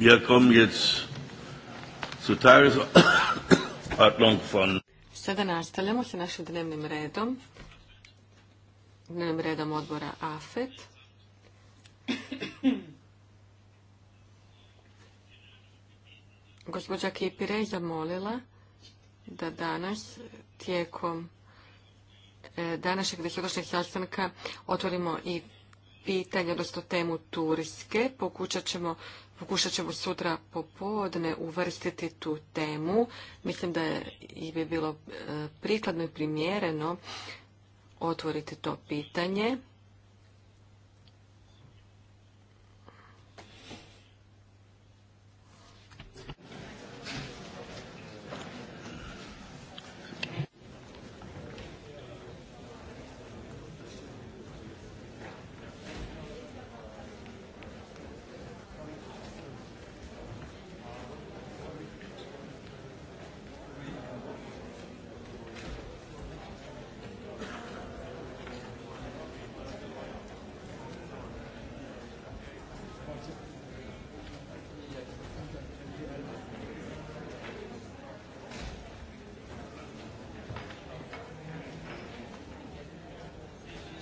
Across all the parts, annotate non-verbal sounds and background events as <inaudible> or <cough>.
Wir kommen jetzt zu Tagesordnung von Sada nastavljamo sa našim dnevnim redom, dnevnim redom odbora AFET. Gospođa Kipire je zamolila da danas tijekom e, današnjeg desetoročnog sastanka otvorimo i pitanje, odnosno temu Turske. Pokušat ćemo, sutra popodne uvrstiti tu temu. Mislim da je bi bilo e, prikladno i primjereno otvoriti to pitanje.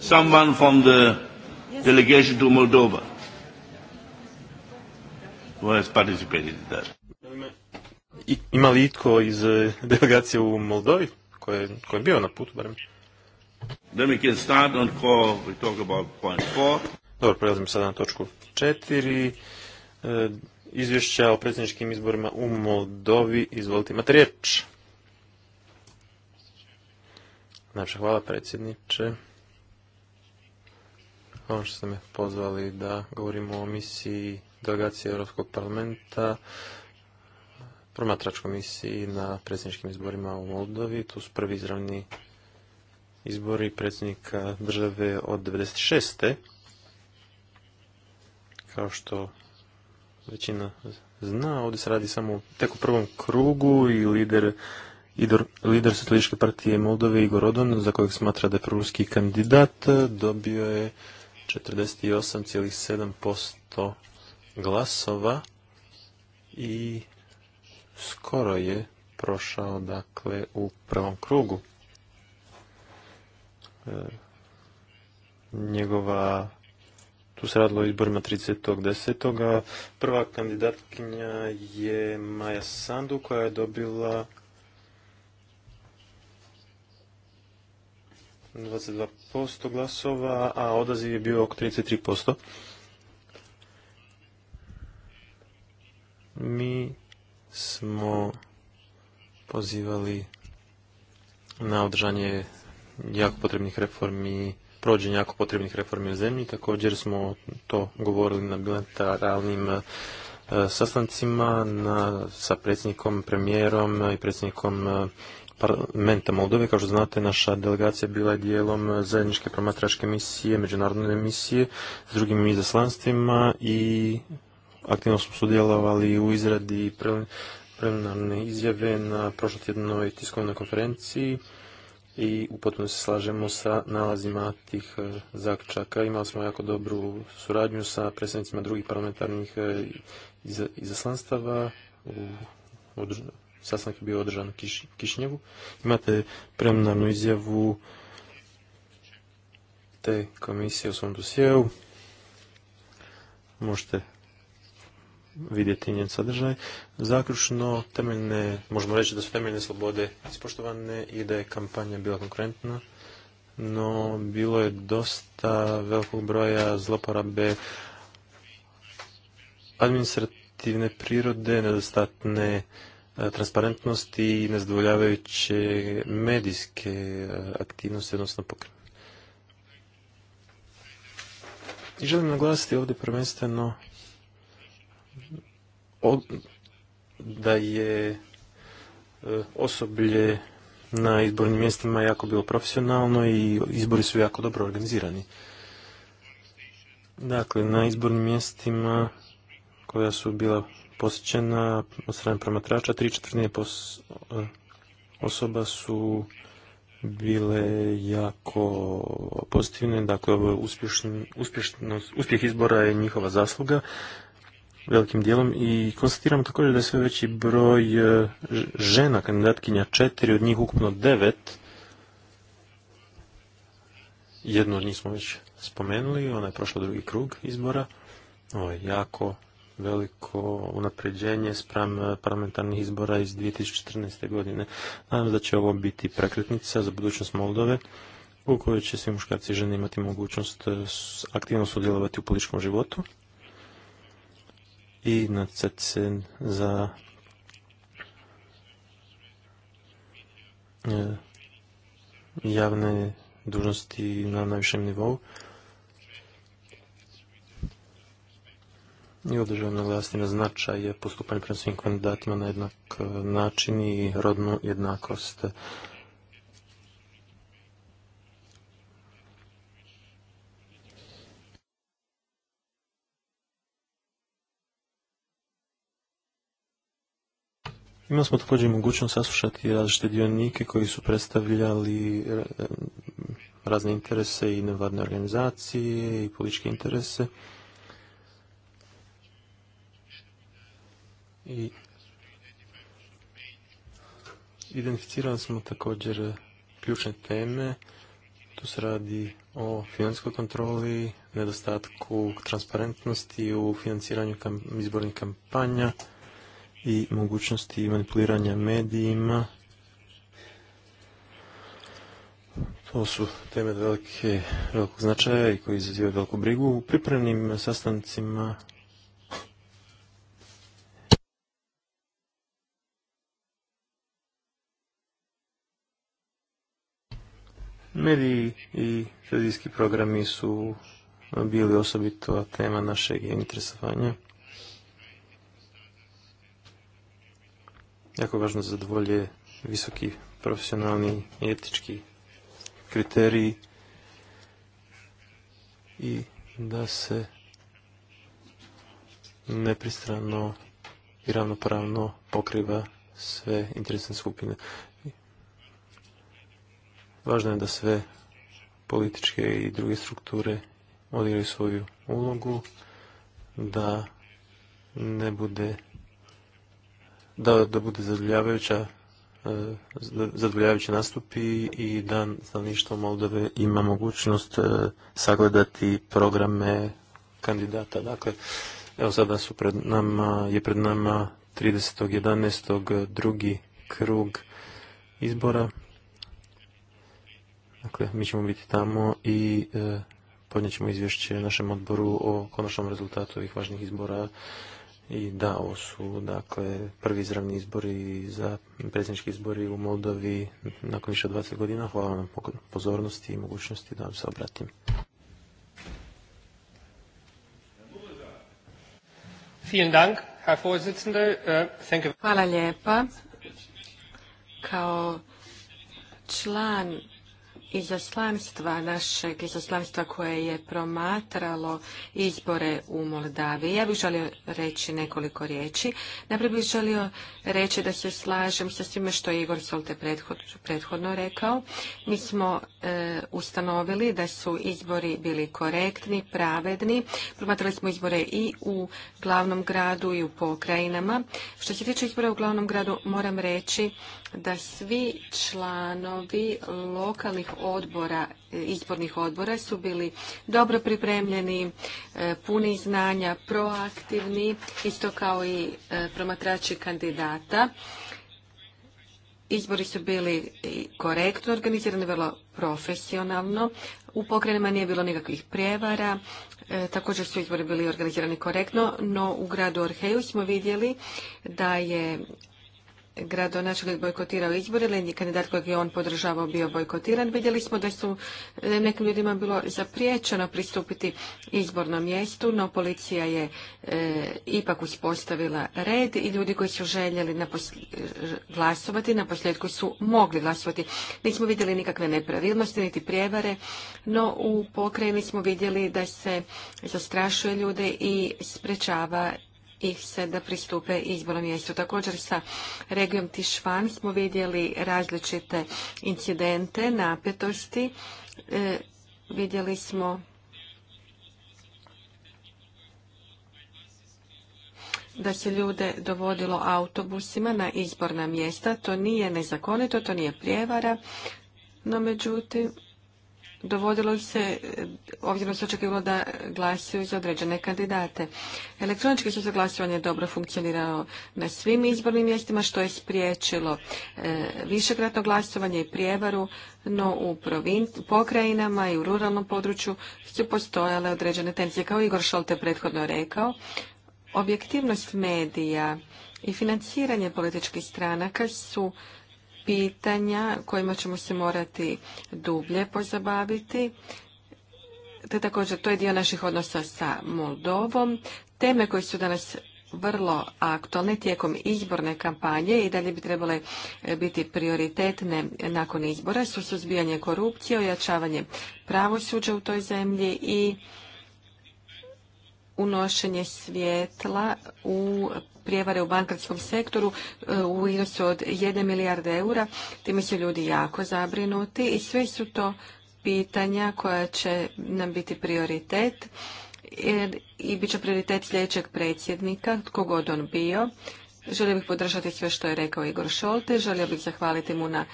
someone from the delegation to Moldova who has participated in that. ima li itko iz eh, delegacije u Moldovi koji je bio na putu barem? Then we can start on call, we talk about point four. Dobro, prelazimo sada na točku četiri. Eh, izvješća o predsjedničkim izborima u Moldovi. Izvolite, imate riječ. Najpša hvala predsjedniče. Hvala što ste me pozvali da govorimo o misiji delegacije Europskog parlamenta, promatračkoj misiji na predsjedničkim izborima u Moldovi. Tu su prvi izravni izbori predsjednika države od 96. Kao što većina zna, ovdje se radi samo tek u prvom krugu i lider Idor, lider Socijalističke partije Moldove Igor Odon, za kojeg smatra da je proruski kandidat, dobio je 48,7% ovaj glasova i skoro je prošao dakle u prvom krugu. E, njegova tu se radilo o izborima 30.10. Prva kandidatkinja je Maja Sandu koja je dobila 22% glasova, a odaziv je bio oko 33%. Mi smo pozivali na održanje jako potrebnih reformi, prođenje jako potrebnih reformi u zemlji. Također smo to govorili na bilateralnim e, sastancima sa predsjednikom, premijerom i predsjednikom e, parlamenta Moldove. Kao što znate, naša delegacija bila je dijelom zajedničke promatračke misije, međunarodne misije s drugim izaslanstvima i aktivno smo sudjelovali u izradi preliminarne izjave na prošlotjednoj tiskovnoj konferenciji i u se slažemo sa nalazima tih e, zaključaka. Imali smo jako dobru suradnju sa predstavnicima drugih parlamentarnih e, izaslanstava u sastanak je bio održan u Kišnjevu. Imate preliminarnu izjavu te komisije u svom dosjeu. Možete vidjeti njen sadržaj. Zaključno, temeljne, možemo reći da su temeljne slobode ispoštovane i da je kampanja bila konkurentna, no bilo je dosta velikog broja zloporabe administrativne prirode, nedostatne E, transparentnosti i nezadovoljavajuće medijske e, aktivnosti, odnosno pokrene. želim naglasiti ovdje prvenstveno da je e, osoblje na izbornim mjestima jako bilo profesionalno i izbori su jako dobro organizirani. Dakle, na izbornim mjestima koja su bila posjećena od strane promatrača. Tri četvrtine osoba su bile jako pozitivne, dakle uspjeh izbora je njihova zasluga velikim dijelom i konstatiram također da je sve veći broj žena kandidatkinja, četiri od njih ukupno devet, jednu od njih smo već spomenuli, ona je prošla drugi krug izbora, ovo je jako veliko unapređenje spram eh, parlamentarnih izbora iz 2014. godine. Nadam se da će ovo biti prekretnica za budućnost Moldove u kojoj će svi muškarci i žene imati mogućnost eh, aktivno sudjelovati u političkom životu i na se za eh, javne dužnosti na najvišem nivou. I ovdje želim naglasiti na značaj postupanje prema svim kandidatima na jednak e, način i rodnu jednakost. Imali smo također mogućnost saslušati različite dionike koji su predstavljali e, razne interese i nevladne organizacije i političke interese. I identificirali smo također ključne teme. Tu se radi o financijskoj kontroli, nedostatku transparentnosti u financiranju izbornih kampanja i mogućnosti manipuliranja medijima. To su teme velike, velikog značaja i koji izazivaju veliku brigu. U pripremnim sastancima Mediji i radijski programi su e, bili osobito tema našeg interesovanja. Jako važno zadovolje visoki profesionalni i etički kriteriji i da se nepristrano i ravnopravno pokriva sve interesne skupine. Važno je da sve političke i druge strukture odigraju svoju ulogu, da ne bude da, da bude zadovoljavajuća e, zadovoljavajući nastupi i da stanovništvo Moldove ima mogućnost e, sagledati programe kandidata. Dakle, evo sada su pred nama, je pred nama 30.11. drugi krug izbora. Dakle, mi ćemo biti tamo i e, podnijet ćemo izvješće našem odboru o konačnom rezultatu ovih važnih izbora. I da, ovo su dakle, prvi izravni izbori za predsjednički izbori u Moldovi nakon više od 20 godina. Hvala vam na pozornosti i mogućnosti da vam se obratim. Äh, Hvala lijepa. Kao član izaslanstva našeg izaslanstva koje je promatralo izbore u Moldaviji. Ja bih želio reći nekoliko riječi. Najprije bih želio reći da se slažem sa svime što je Igor Solte prethodno rekao. Mi smo e, ustanovili da su izbori bili korektni, pravedni. Promatrali smo izbore i u glavnom gradu i u pokrajinama. Što se tiče izbora u glavnom gradu, moram reći da svi članovi lokalnih odbora, izbornih odbora su bili dobro pripremljeni, e, puni znanja, proaktivni, isto kao i e, promatrači kandidata. Izbori su bili korektno organizirani, vrlo profesionalno. U pokrenima nije bilo nikakvih prijevara. E, također su izbori bili organizirani korektno, no u gradu Orheju smo vidjeli da je gradonačelnik bojkotirao izbor ili kandidat kojeg je on podržavao bio bojkotiran. Vidjeli smo da su nekim ljudima bilo zapriječeno pristupiti izbornom mjestu, no policija je e, ipak uspostavila red i ljudi koji su željeli glasovati na posljedku su mogli glasovati. Nismo vidjeli nikakve nepravilnosti niti prijevare, no u pokrajini smo vidjeli da se zastrašuje ljude i sprečava ih se da pristupe izbornom mjestu. Također sa regijom Tišvan smo vidjeli različite incidente, napetosti. E, vidjeli smo da se ljude dovodilo autobusima na izborna mjesta. To nije nezakonito, to nije prijevara. No međutim, dovodilo se, obzirom se očekivalo da glasuju za određene kandidate. Elektronički su glasovanja dobro funkcionirao na svim izbornim mjestima, što je spriječilo e, višekratno glasovanje i prijevaru, no u pokrajinama i u ruralnom području su postojale određene tenzije. Kao Igor Šolte prethodno rekao, objektivnost medija i financiranje političkih stranaka su pitanja kojima ćemo se morati dublje pozabaviti. Te također, to je dio naših odnosa sa Moldovom. Teme koje su danas vrlo aktualne tijekom izborne kampanje i dalje bi trebale e, biti prioritetne nakon izbora su suzbijanje korupcije, ojačavanje pravosuđa u toj zemlji i unošenje svjetla u prijevare u bankarskom sektoru e, u iznosu od 1 milijarde eura. Time su ljudi jako zabrinuti i sve su to pitanja koja će nam biti prioritet i bit će prioritet sljedećeg predsjednika, tko god on bio. Želio bih podržati sve što je rekao Igor Šolte, želio bih zahvaliti mu na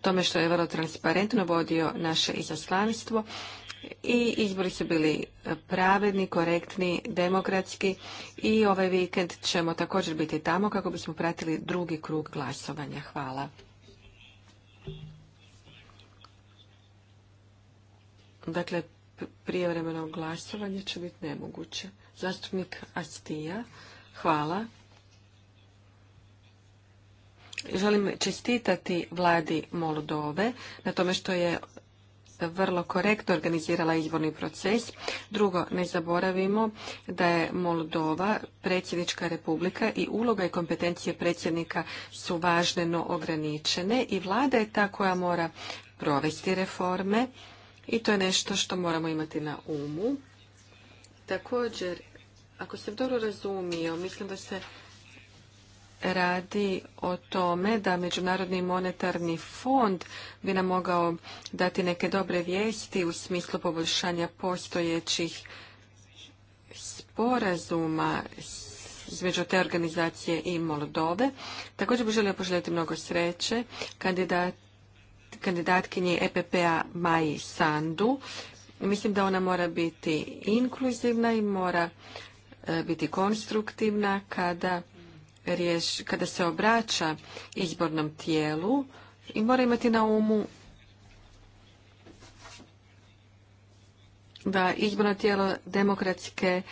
tome što je vrlo transparentno vodio naše izaslanstvo i izbori su bili pravedni, korektni, demokratski i ovaj vikend ćemo također biti tamo kako bismo pratili drugi krug glasovanja. Hvala. Dakle, prijevremeno glasovanje će biti nemoguće. Zastupnik Astija, hvala. Želim čestitati vladi Moldove na tome što je vrlo korektno organizirala izborni proces. Drugo, ne zaboravimo da je Moldova predsjednička republika i uloga i kompetencije predsjednika su važne no ograničene i vlada je ta koja mora provesti reforme i to je nešto što moramo imati na umu. Također, ako sam dobro razumio, mislim da se radi o tome da Međunarodni monetarni fond bi nam mogao dati neke dobre vijesti u smislu poboljšanja postojećih sporazuma između te organizacije i Moldove. Također bih želio poželjeti mnogo sreće kandidatkinji EPP-a Maji Sandu. Mislim da ona mora biti inkluzivna i mora e, biti konstruktivna kada riječ kada se obraća izbornom tijelu i mora imati na umu da izborno tijelo demokratske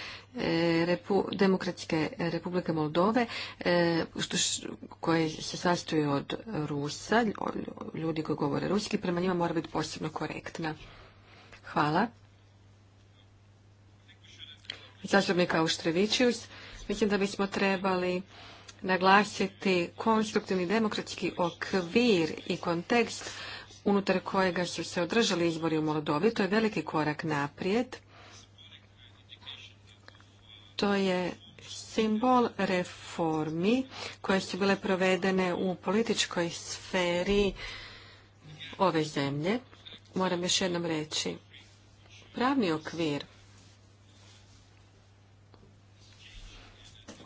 e, Demokratske republike Moldove, e, koje se sastoji od Rusa, ljudi koji govore ruski, prema njima mora biti posebno korektna. Hvala. Zastupnika Uštrevićius, mislim da bismo trebali naglasiti konstruktivni demokratski okvir i kontekst unutar kojega su se održali izbori u Moldovi. To je veliki korak naprijed. To je simbol reformi koje su bile provedene u političkoj sferi ove zemlje. Moram još jednom reći, pravni okvir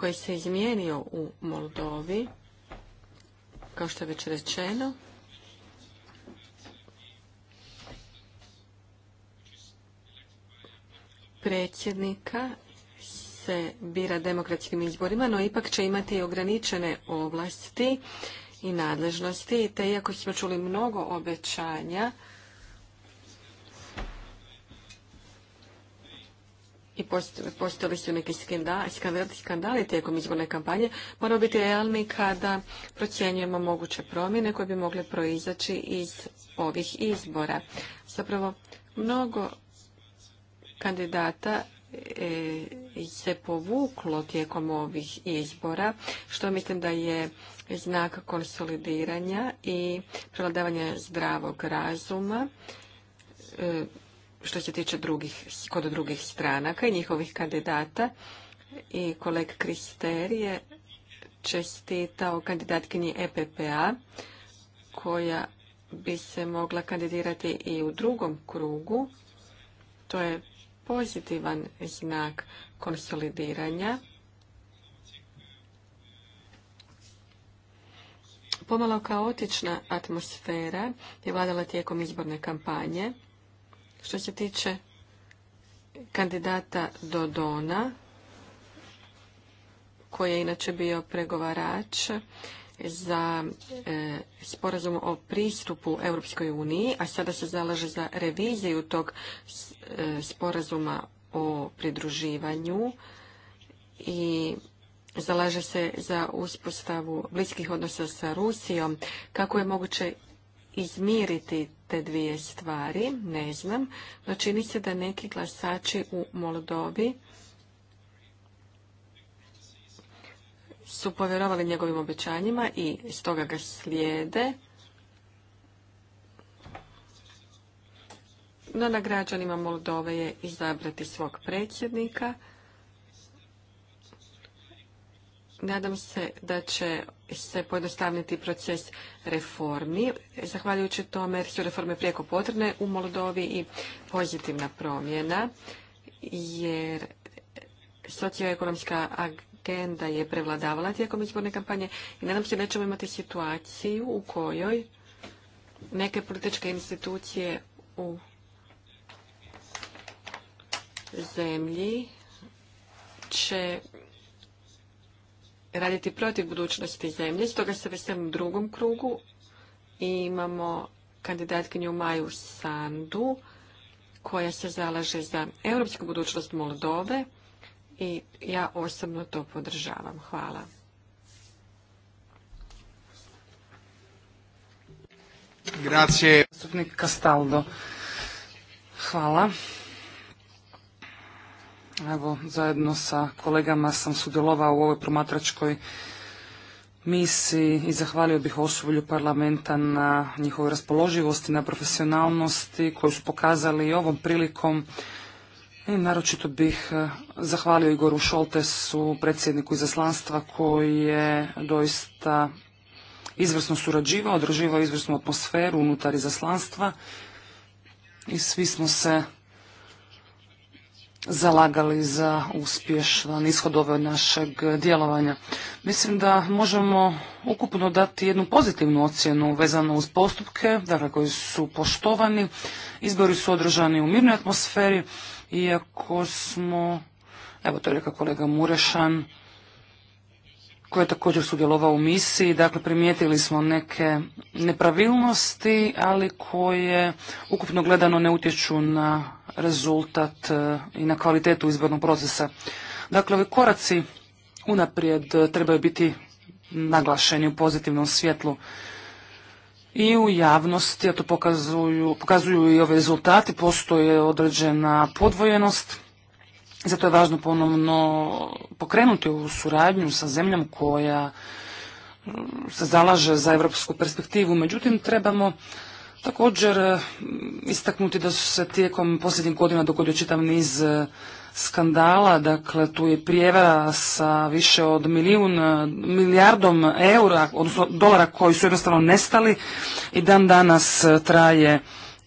koji se izmijenio u Moldovi, kao što je već rečeno, predsjednika se bira demokratskim izborima, no ipak će imati ograničene ovlasti i nadležnosti, te iako smo čuli mnogo obećanja, i postali su neki skandali tijekom izborne kampanje, moramo biti realni kada procjenjujemo moguće promjene koje bi mogle proizaći iz ovih izbora. Zapravo, mnogo kandidata e, se povuklo tijekom ovih izbora, što mislim da je znak konsolidiranja i prevladavanja zdravog razuma e, što se tiče drugih, kod drugih stranaka i njihovih kandidata. I koleg Krister je čestitao kandidatkinji EPPA koja bi se mogla kandidirati i u drugom krugu. To je pozitivan znak konsolidiranja. Pomalo kaotična atmosfera je vladala tijekom izborne kampanje. Što se tiče kandidata Dodona, koji je inače bio pregovarač za e, sporazum o pristupu Europskoj uniji, a sada se zalaže za reviziju tog e, sporazuma o pridruživanju i zalaže se za uspostavu bliskih odnosa sa Rusijom, kako je moguće izmiriti te dvije stvari, ne znam, no čini se da neki glasači u Moldovi su povjerovali njegovim obećanjima i stoga ga slijede. No na građanima Moldove je izabrati svog predsjednika. Nadam se da će se pojednostavniti proces reformi. Zahvaljujući tome su reforme prijeko potrebne u Moldovi i pozitivna promjena jer socioekonomska agenda je prevladavala tijekom izborne kampanje i nadam se da ćemo imati situaciju u kojoj neke političke institucije u zemlji će raditi protiv budućnosti zemlje, stoga se veselim drugom krugu i imamo kandidatkinju Maju Sandu koja se zalaže za europsku budućnost Moldove i ja osobno to podržavam. Hvala. Grazie. Hvala. Evo, zajedno sa kolegama sam sudjelovao u ovoj promatračkoj misiji i zahvalio bih osoblju parlamenta na njihovoj raspoloživosti, na profesionalnosti koju su pokazali i ovom prilikom. I naročito bih e, zahvalio Igoru Šoltesu, predsjedniku izaslanstva koji je doista izvrsno surađivao, održivao izvrsnu atmosferu unutar izaslanstva i svi smo se zalagali za uspješan ishod ove našeg djelovanja. Mislim da možemo ukupno dati jednu pozitivnu ocjenu vezano uz postupke, dakle koji su poštovani, izbori su održani u mirnoj atmosferi, iako smo, evo to je rekao kolega Murešan, koji je također sudjelovao u misiji. Dakle, primijetili smo neke nepravilnosti, ali koje ukupno gledano ne utječu na rezultat e, i na kvalitetu izbornog procesa. Dakle, ovi koraci unaprijed e, trebaju biti naglašeni u pozitivnom svjetlu i u javnosti, a to pokazuju, i ove rezultati, postoje određena podvojenost. Zato je važno ponovno pokrenuti u suradnju sa zemljom koja e, se zalaže za evropsku perspektivu. Međutim, trebamo Također e, istaknuti da su se tijekom posljednjih godina dogodio čitav niz e, skandala, dakle tu je prijevara sa više od milijun, e, milijardom eura, odnosno dolara koji su jednostavno nestali i dan danas traje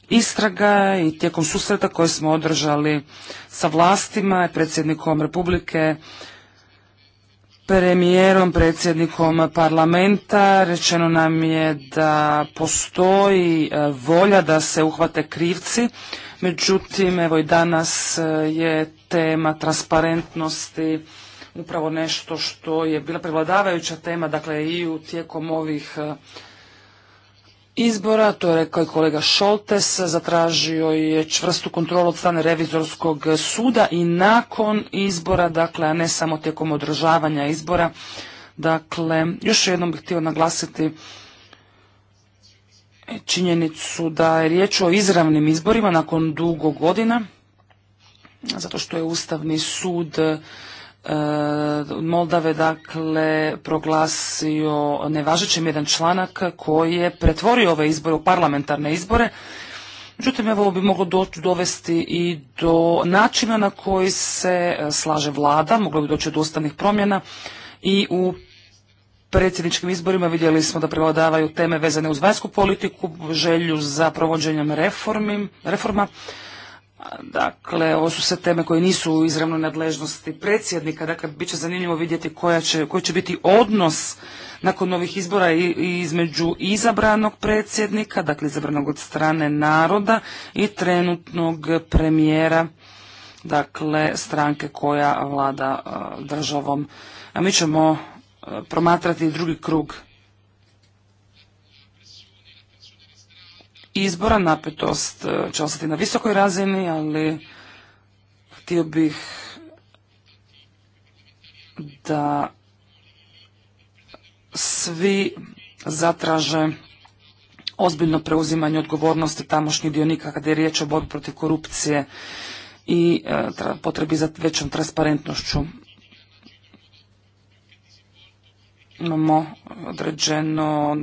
istraga i tijekom susreta koje smo održali sa vlastima i predsjednikom Republike premijerom, predsjednikom parlamenta. Rečeno nam je da postoji e, volja da se uhvate krivci, međutim evo i danas e, je tema transparentnosti upravo nešto što je bila prevladavajuća tema, dakle i u tijekom ovih e, izbora, to je rekao i kolega Šoltes, zatražio je čvrstu kontrolu od strane revizorskog suda i nakon izbora, dakle, a ne samo tijekom održavanja izbora. Dakle, još jednom bih htio naglasiti činjenicu da je riječ o izravnim izborima nakon dugo godina, zato što je Ustavni sud E, Moldave dakle proglasio nevažećim jedan članak koji je pretvorio ove izbore u parlamentarne izbore. Međutim, evo bi moglo doći, dovesti i do načina na koji se e, slaže vlada, moglo bi doći do ustavnih promjena i u predsjedničkim izborima vidjeli smo da prevladavaju teme vezane uz vanjsku politiku, želju za provođenjem reformi, reforma, Dakle, ovo su sve teme koje nisu u izravnoj nadležnosti predsjednika. Dakle, bit će zanimljivo vidjeti koja će, koji će biti odnos nakon ovih izbora i između izabranog predsjednika, dakle izabranog od strane naroda i trenutnog premijera, dakle stranke koja vlada državom. A mi ćemo promatrati drugi krug izbora. Napetost e, će ostati na visokoj razini, ali htio bih da svi zatraže ozbiljno preuzimanje odgovornosti tamošnjih dionika kada je riječ o borbi protiv korupcije i e, potrebi za većom transparentnošću. imamo određeno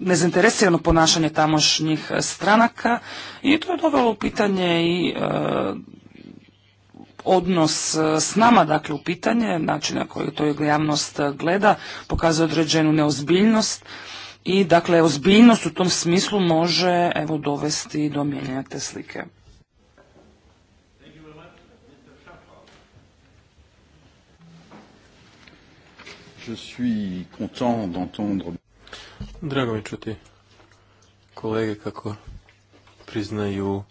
nezainteresirano ponašanje tamošnjih stranaka i to je dovelo u pitanje i e, odnos s nama, dakle u pitanje, način na koji to javnost gleda, pokazuje određenu neozbiljnost i dakle ozbiljnost u tom smislu može evo dovesti do mijenjanja te slike. Je suis content d'entendre. Drago mi čuti kolege kako priznaju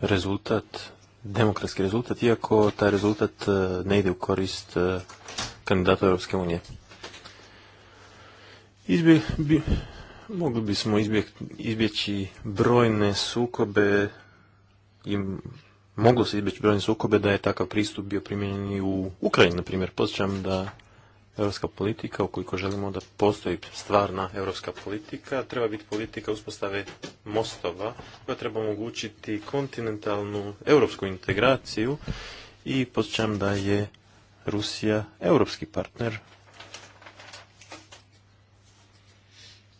rezultat, demokratski rezultat, iako taj rezultat e, ne ide u korist e, kandidata Europske unije. Izbje, bi, mogli bismo izbjeći brojne sukobe i moglo se izbjeći brojne sukobe da je takav pristup bio primijenjen i u Ukrajini, na primjer. Posjećam da europska politika, ukoliko želimo da postoji stvarna europska politika, treba biti politika uspostave mostova koja treba omogućiti kontinentalnu europsku integraciju i podsjećam da je Rusija europski partner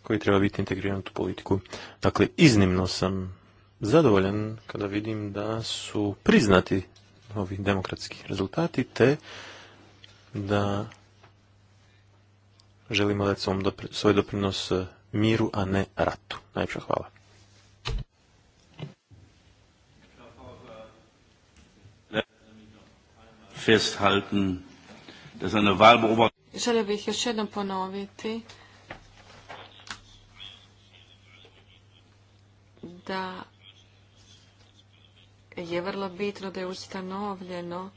koji treba biti integriran u tu politiku. Dakle, iznimno sam zadovoljan kada vidim da su priznati ovi demokratski rezultati te da želimo dati svoj doprinos e, miru, a ne ratu. Najpša hvala. Želio bih još jednom ponoviti da je vrlo bitno da je ustanovljeno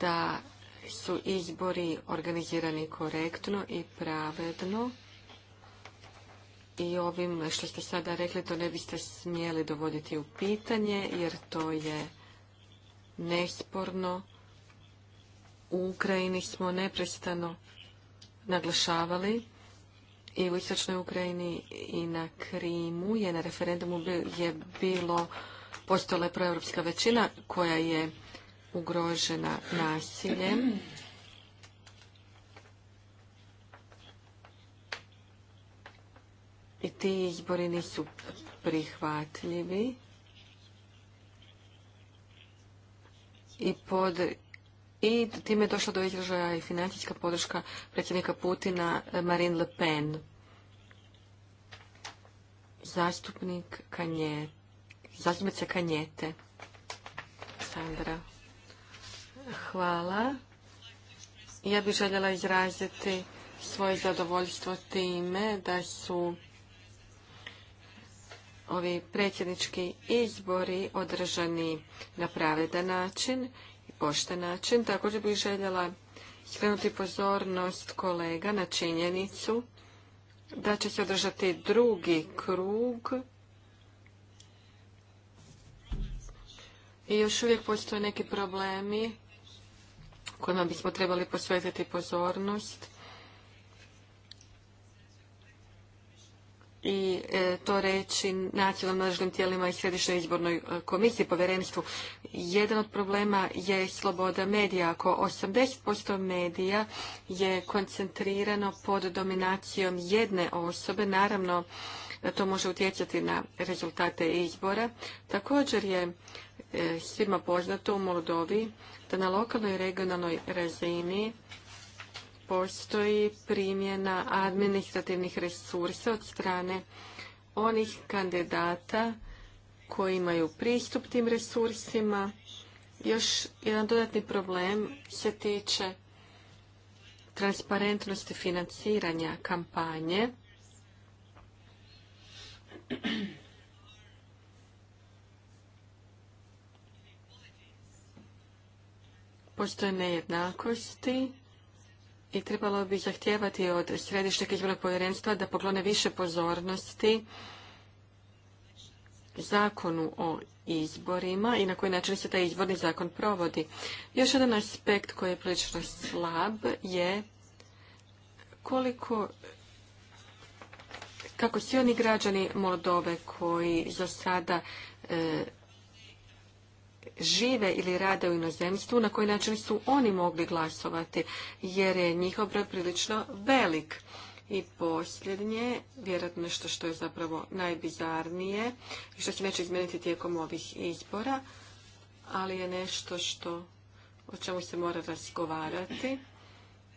da su izbori organizirani korektno i pravedno. I ovim što ste sada rekli, to ne biste smjeli dovoditi u pitanje, jer to je nesporno. U Ukrajini smo neprestano naglašavali i u Istočnoj Ukrajini i na Krimu je na referendumu je bilo postojala je proevropska većina koja je ugrožena nasiljem. I ti izbori nisu prihvatljivi. I pod i time je došla do izražaja i financijska podrška predsjednika Putina eh, Marine Le Pen. Zastupnik Kanjet se Kanjete. Sandra. Hvala. Ja bih željela izraziti svoje zadovoljstvo time da su ovi predsjednički izbori održani na pravedan način i pošten način. Također bih željela skrenuti pozornost kolega na činjenicu da će se održati drugi krug i još uvijek postoje neki problemi kojima bismo trebali posvetiti pozornost. i e, to reći nacionalnim nadležnim tijelima i središnjoj izbornoj e, komisiji, povjerenstvu. Jedan od problema je sloboda medija. Ako 80% medija je koncentrirano pod dominacijom jedne osobe, naravno da to može utjecati na rezultate izbora. Također je e, svima poznato u Moldovi da na lokalnoj i regionalnoj razini postoji primjena administrativnih resursa od strane onih kandidata koji imaju pristup tim resursima. Još jedan dodatni problem se tiče transparentnosti financiranja kampanje. <clears throat> Postoje nejednakosti i trebalo bi zahtijevati od središnjeg izbornog povjerenstva da poglone više pozornosti zakonu o izborima i na koji način se taj izborni zakon provodi. Još jedan aspekt koji je prilično slab je koliko kako svi oni građani Moldove koji za sada e, žive ili rade u inozemstvu, na koji način su oni mogli glasovati, jer je njihov broj prilično velik. I posljednje, vjerojatno nešto što je zapravo najbizarnije i što se neće izmijeniti tijekom ovih izbora, ali je nešto što o čemu se mora razgovarati,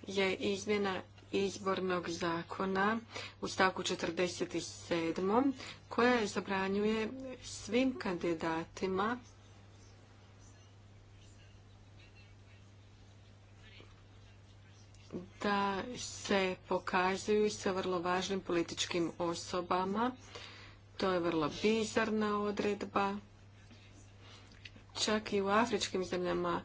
je izmjena izbornog zakona u stavku 47. koja zabranjuje svim kandidatima da se pokazuju sa vrlo važnim političkim osobama. To je vrlo bizarna odredba. Čak i u afričkim zemljama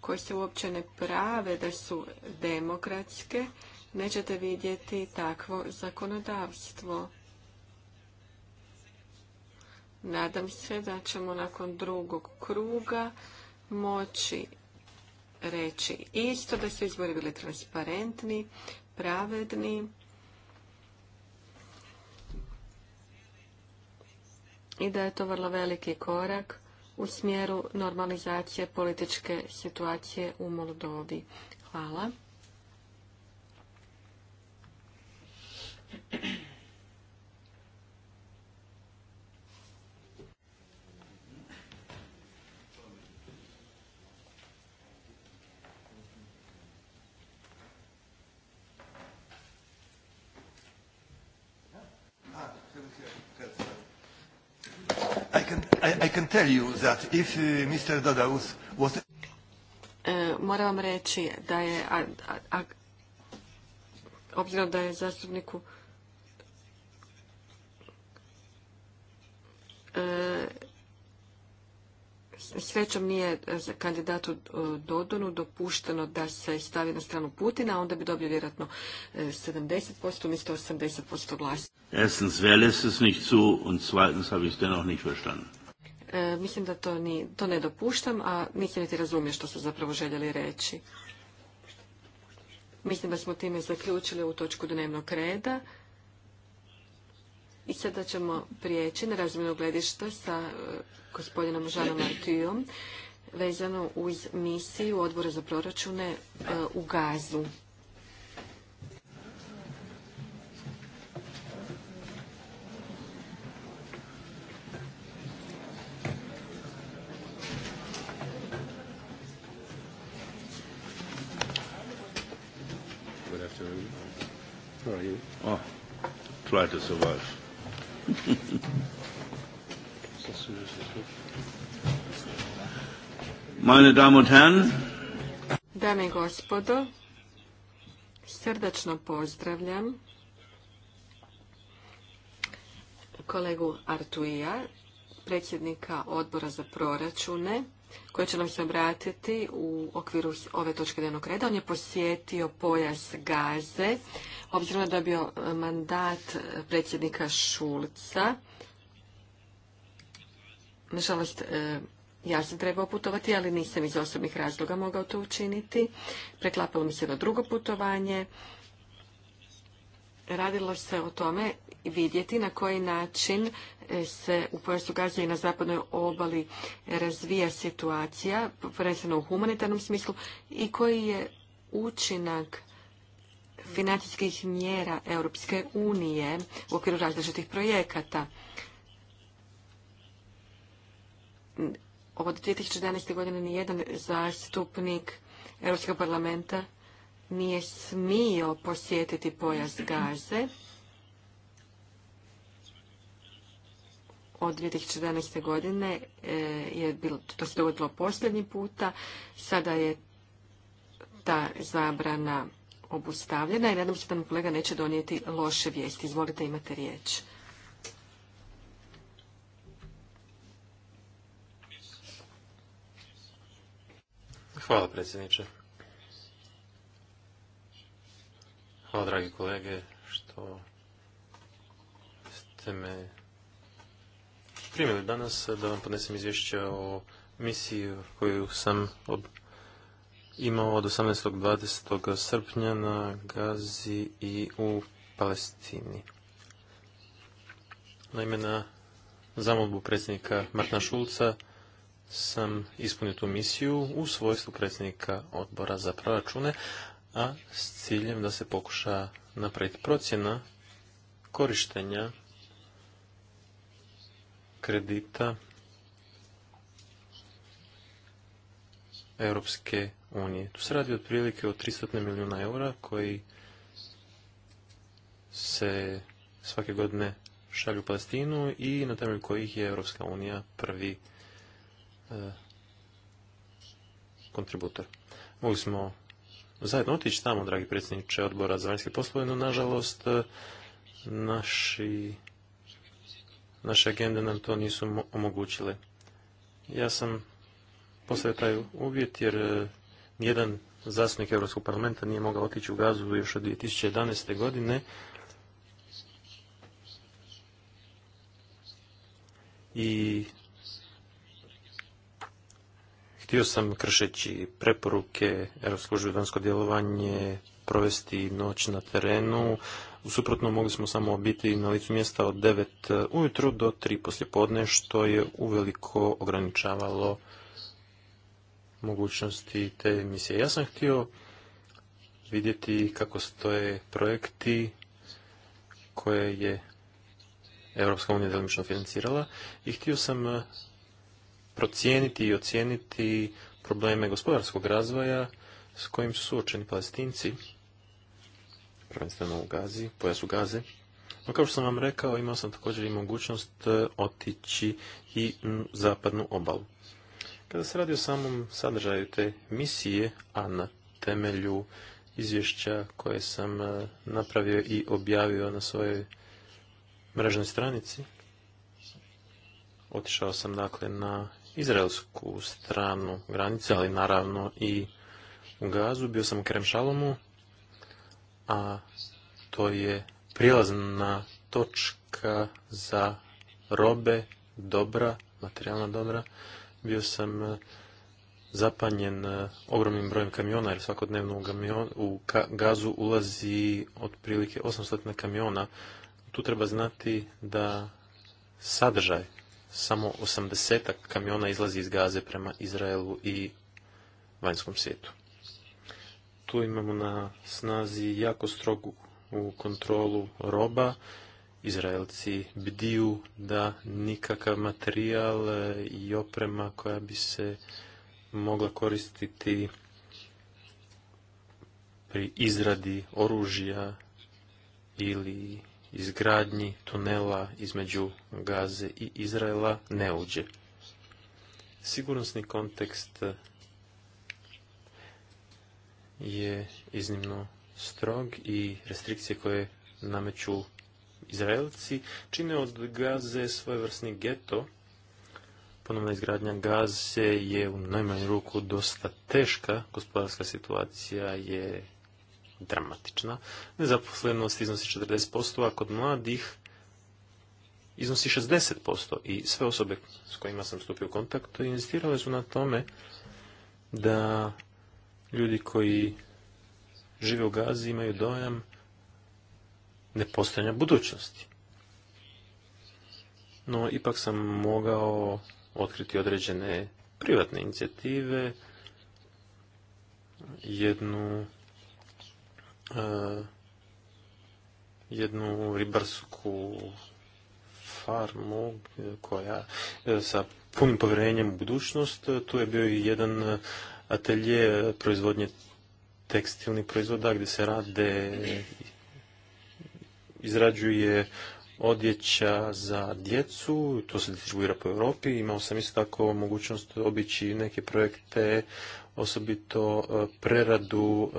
koje se uopće ne prave da su demokratske, nećete vidjeti takvo zakonodavstvo. Nadam se da ćemo nakon drugog kruga moći reći isto da su izbori bili transparentni, pravedni i da je to vrlo veliki korak u smjeru normalizacije političke situacije u Moldovi. Hvala. I can tell you that if uh, Mr. Dadaus was... E, moram vam reći da je, a, a, a, obzirom da je zastupniku E, srećom nije kandidatu e, Dodonu dopušteno da se stavi na stranu Putina, onda bi dobio vjerojatno 70% e, umjesto 80% glasa. Erstens, wer es nicht zu und zweitens habe ich dennoch nicht verstanden. mislim da to, ne dopuštam, a nisam niti razumije što su zapravo željeli reći. Mislim da smo time zaključili u točku dnevnog reda. I sada ćemo prijeći na razmjenu gledišta sa e, gospodinom Žanom Artijom vezano uz misiju odbora za proračune e, u Gazu. Good afternoon. How try oh, to survive. Meine Damen und Dame i gospodo, srdačno pozdravljam kolegu Artuija, predsjednika odbora za proračune koji će nam se obratiti u okviru ove točke dnevnog reda. On je posjetio pojas Gaze, obzirom da je dobio e, mandat e, predsjednika Šulca. Nažalost, e, ja sam trebao putovati, ali nisam iz osobnih razloga mogao to učiniti. Preklapalo mi se na drugo putovanje radilo se o tome vidjeti na koji način e, se u pojasu Gaze i na zapadnoj obali razvija situacija, prvenstveno u humanitarnom smislu, i koji je učinak financijskih mjera Europske unije u okviru različitih projekata. Od 2011. godine nijedan zastupnik Europskog parlamenta nije smio posjetiti pojas Gaze od 2011. godine e, je bilo, to se dogodilo posljednji puta sada je ta zabrana obustavljena i nadam se da nam kolega neće donijeti loše vijesti. Izvolite, imate riječ. Hvala predsjedniče. Hvala, dragi kolege, što ste me primili danas da vam podnesem izvješće o misiji koju sam imao od 18. 20. srpnja na Gazi i u Palestini. Naime, na zamolbu predsjednika Martina Šulca sam ispunio tu misiju u svojstvu predsjednika odbora za proračune, a s ciljem da se pokuša napraviti procjena korištenja kredita Europske unije. Tu se radi otprilike o 300 milijuna eura koji se svake godine šalju u Palestinu i na temelju kojih je Europska unija prvi eh, kontributor. Mogli smo zajedno otići tamo, dragi predsjedniče odbora za vanjske poslove, no nažalost e, naši, naše agende nam to nisu omogućile. Ja sam postavio taj uvjet jer e, nijedan zastupnik Europskog parlamenta nije mogao otići u gazu još od 2011. godine i Htio sam kršeći preporuke Europske djelovanje provesti noć na terenu. U mogli smo samo biti na licu mjesta od 9 e, ujutru do 3 poslijepodne, što je uveliko ograničavalo mogućnosti te emisije. Ja sam htio vidjeti kako stoje projekti koje je Europska unija delimično financirala i htio sam e, procijeniti i ocijeniti probleme gospodarskog razvoja s kojim su suočeni palestinci, prvenstveno u Gazi, pojasu Gaze. No kao što sam vam rekao, imao sam također i mogućnost e, otići i zapadnu obalu. Kada se radi o samom sadržaju te misije, a na temelju izvješća koje sam e, napravio i objavio na svojoj mrežnoj stranici, otišao sam dakle na izraelsku stranu granice, ali naravno i u Gazu. Bio sam u Kremšalomu, a to je prijelazna točka za robe, dobra, materijalna dobra. Bio sam e, zapanjen e, ogromnim brojem kamiona, jer svakodnevno u, u gazu ulazi otprilike 800 kamiona. Tu treba znati da sadržaj samo 80 kamiona izlazi iz Gaze prema Izraelu i vanjskom svijetu. Tu imamo na snazi jako strogu u kontrolu roba. Izraelci bdiju da nikakav materijal e, i oprema koja bi se mogla koristiti pri izradi oružja ili izgradnji tunela između Gaze i Izraela ne uđe. Sigurnosni kontekst je iznimno strog i restrikcije koje nameću Izraelci čine od Gaze svojevrsni geto. Ponovna izgradnja Gaze je u najmanju ruku dosta teška, gospodarska situacija je dramatična. Nezaposlenost iznosi 40%, a kod mladih iznosi 60% i sve osobe s kojima sam stupio u kontakt investirale su na tome da ljudi koji žive u Gazi imaju dojam nepostojanja budućnosti. No, ipak sam mogao otkriti određene privatne inicijative, jednu E, jednu ribarsku farmu e, koja e, sa punim povjerenjem u budućnost. Tu je bio i jedan atelje proizvodnje tekstilnih proizvoda gdje se rade izrađuje odjeća za djecu, to se distribuira po Europi. Imao sam isto tako mogućnost obići neke projekte, osobito preradu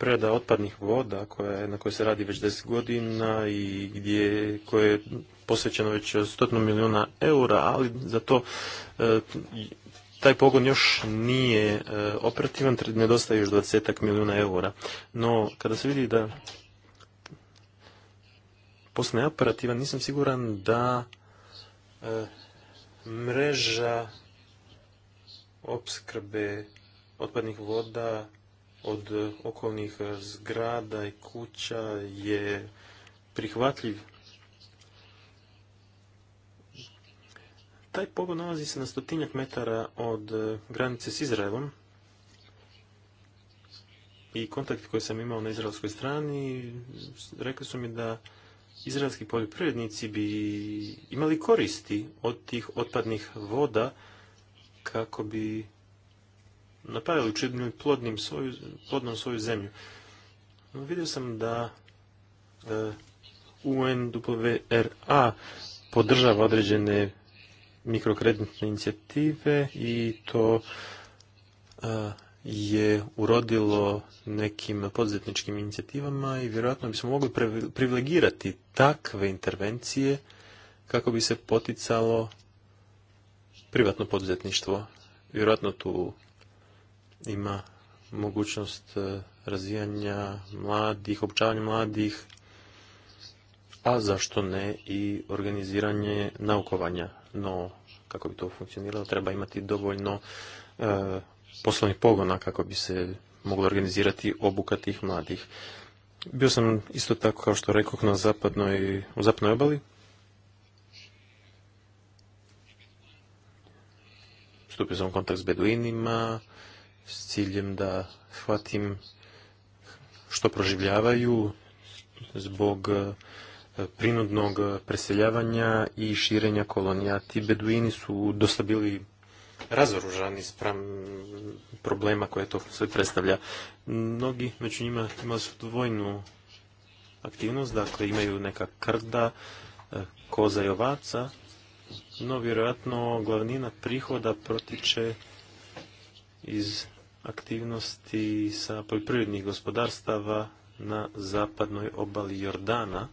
prerada otpadnih voda koja, na kojoj se radi već 10 godina i gdje, koje je posvećeno već 100 milijuna eura, ali za to e, taj pogon još nije e, operativan, nedostaje još 20 milijuna eura. No, kada se vidi da postane operativan, nisam siguran da e, mreža opskrbe otpadnih voda od e, okolnih e, zgrada i kuća je prihvatljiv. Taj pogon nalazi se na stotinjak metara od e, granice s Izraelom i kontakti koje sam imao na izraelskoj strani rekli su mi da izraelski poljoprivrednici bi imali koristi od tih otpadnih voda kako bi napravili, učinili plodnim plodnom svoju zemlju. No, vidio sam da e, UNWRA podržava određene mikrokreditne inicijative i to e, je urodilo nekim poduzetničkim inicijativama i vjerojatno bismo mogli privilegirati takve intervencije kako bi se poticalo privatno poduzetništvo. Vjerojatno tu ima mogućnost e, razvijanja mladih, obučavanja mladih, a zašto ne i organiziranje naukovanja. No, kako bi to funkcioniralo, treba imati dovoljno e, poslovnih pogona kako bi se moglo organizirati obuka tih mladih. Bio sam isto tako kao što rekoh na zapadnoj, u zapadnoj obali. Stupio sam u kontakt s beduinima, s ciljem da shvatim što proživljavaju zbog e, prinudnog preseljavanja i širenja kolonija. Ti beduini su dosta bili razoružani sprem problema koje to sve predstavlja. Mnogi među njima imali su dvojnu aktivnost, dakle imaju neka krda, e, koza i ovaca, no vjerojatno glavnina prihoda protiče iz aktivnosti sa poljoprivrednih gospodarstava na zapadnoj obali Jordana.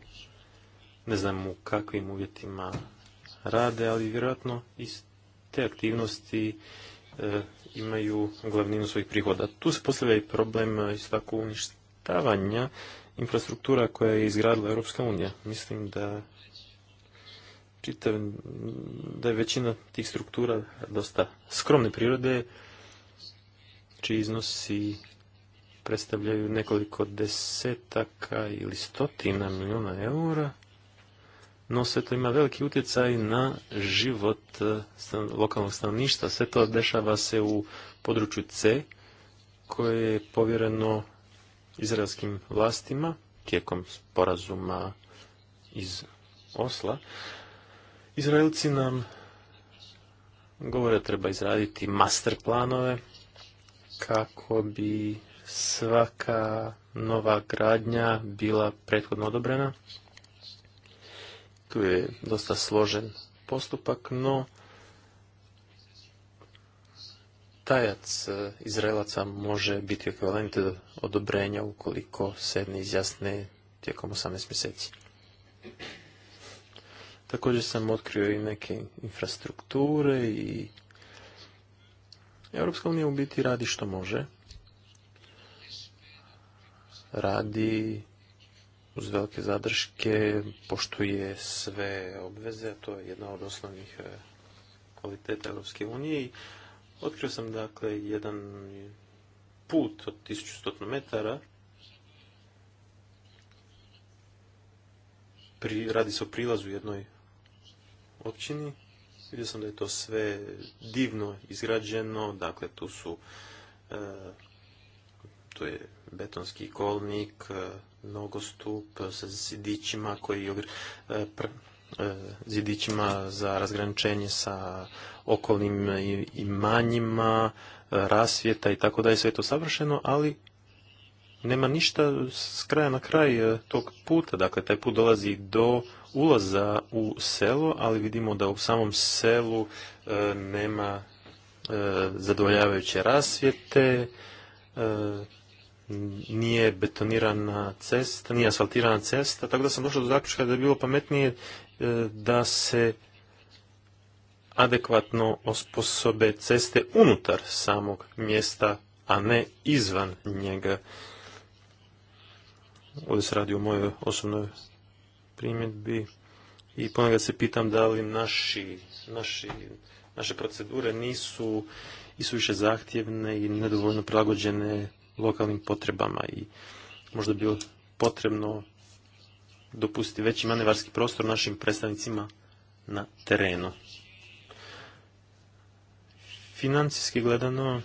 Ne znam u kakvim uvjetima rade, ali vjerojatno iz te aktivnosti e, imaju glavninu svojih prihoda. Tu se postavlja i problem e, iz tako uništavanja infrastruktura koja je izgradila Europska unija. Mislim da da je većina tih struktura dosta skromne prirode, čiji znači, iznosi predstavljaju nekoliko desetaka ili stotina milijuna eura, no sve to ima veliki utjecaj na život eh, lokalnog stanovništva. Sve to dešava se u području C, koje je povjereno izraelskim vlastima tijekom sporazuma iz Osla. Izraelci nam govore da treba izraditi master planove, kako bi svaka nova gradnja bila prethodno odobrena. Tu je dosta složen postupak, no tajac e, Izraelaca može biti ekvivalent odobrenja ukoliko se ne izjasne tijekom 18 mjeseci. Također sam otkrio i neke infrastrukture i Europska unija u biti radi što može. Radi uz velike zadrške, poštuje sve obveze, to je jedna od osnovnih e, kvaliteta Europske unije otkrio sam dakle jedan put od 1100 metara radi se o prilazu jednoj općini Vidio sam da je to sve divno izgrađeno, dakle tu su, e, to tu je betonski kolnik, e, nogostup sa zidićima koji e, zidićima za razgraničenje sa okolnim imanjima, rasvjeta i tako da je sve to savršeno, ali nema ništa s kraja na kraj tog puta. Dakle, taj put dolazi do ulaza u selo, ali vidimo da u samom selu e, nema e, zadovoljavajuće rasvijete, e, nije betonirana cesta, nije asfaltirana cesta, tako da sam došao do zaključka da je bilo pametnije da se adekvatno osposobe ceste unutar samog mjesta, a ne izvan njega. Ovdje se radi o mojoj osobnoj primjedbi i ponovno se pitam da li naši, naši, naše procedure nisu i su više zahtjevne i nedovoljno prilagođene lokalnim potrebama i možda bi bilo potrebno dopustiti veći manevarski prostor našim predstavnicima na terenu. Financijski gledano,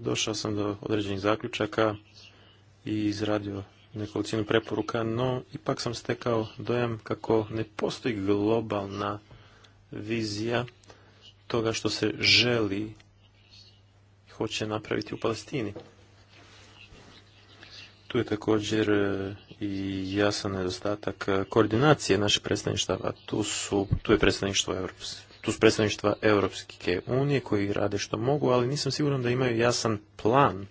došao sam do određenih zaključaka i izradio nekolicinu preporuka, no ipak sam stekao dojam kako ne postoji globalna vizija toga što se želi i hoće napraviti u Palestini. Tu je također e, i jasan nedostatak e, koordinacije naših predstavništava. Tu su, tu je predstavništvo tu su predstavništva Europske unije koji rade što mogu, ali nisam siguran da imaju jasan plan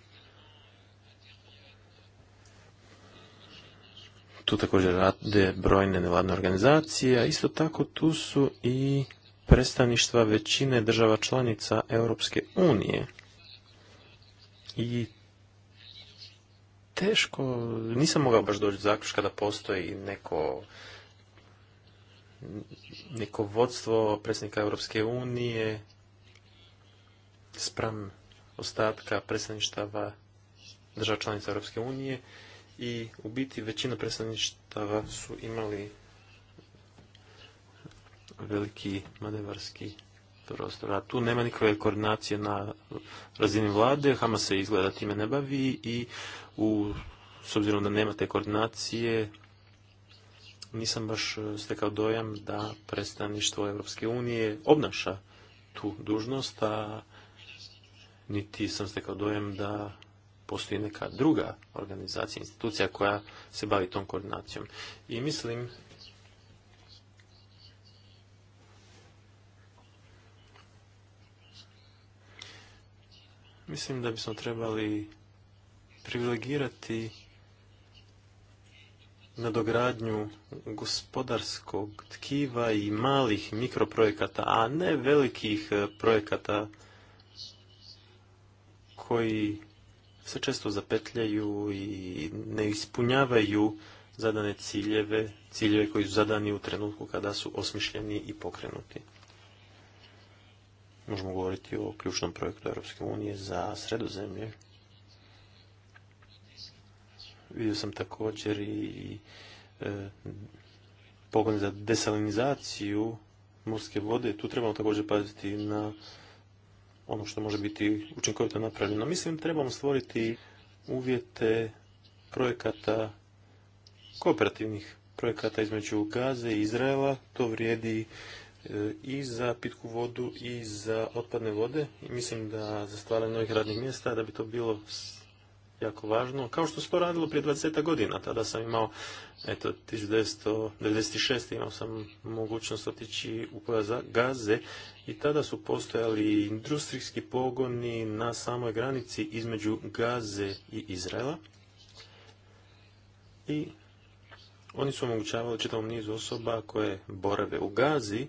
Tu također rade brojne nevladne organizacije, a isto tako tu su i predstavništva većine država članica Europske unije. I teško, nisam mogao baš doći do zaključka da postoji neko neko vodstvo predsjednika Europske unije spram ostatka predstavništava država članica Europske unije i u biti većina predstavništava su imali veliki manevarski prostor. A tu nema nikakve koordinacije na razini vlade, Hamas se izgleda time ne bavi i u, s obzirom da nema te koordinacije nisam baš e, stekao dojam da predstavništvo Europske unije obnaša tu dužnost, a niti sam stekao dojam da postoji neka druga organizacija, institucija koja se bavi tom koordinacijom. I mislim mislim da bismo trebali privilegirati nadogradnju gospodarskog tkiva i malih mikroprojekata, a ne velikih eh, projekata koji se često zapetljaju i ne ispunjavaju zadane ciljeve, ciljeve koji su zadani u trenutku kada su osmišljeni i pokrenuti. Možemo govoriti o ključnom projektu Europske unije za sredozemlje. Vidio sam također i e, pogon za desalinizaciju morske vode. Tu trebamo također paziti na ono što može biti učinkovito napravljeno. Mislim, trebamo stvoriti uvjete projekata, kooperativnih projekata između Gaze i Izraela. To vrijedi e, i za pitku vodu i za otpadne vode. I mislim da za stvaranje novih radnih mjesta da bi to bilo jako važno. Kao što se to radilo prije 20 godina, tada sam imao, eto, 1996. imao sam mogućnost otići u Gaze i tada su postojali industrijski pogoni na samoj granici između Gaze i Izraela. I oni su omogućavali čitavom nizu osoba koje borave u Gazi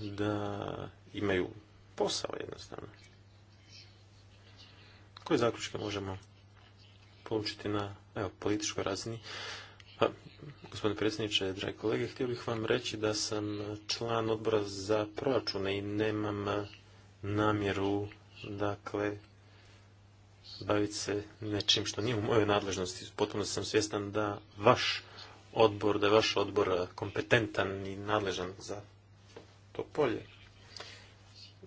da imaju posao jednostavno. Koje zaključke možemo polučiti na evo, političkoj razini. Pa, gospodine predsjedniče, dragi kolege, htio bih vam reći da sam član odbora za proračune i nemam eh, namjeru, dakle, baviti se nečim što nije u mojoj nadležnosti. Potpuno sam svjestan da vaš odbor, da je vaš odbor eh, kompetentan i nadležan za to polje.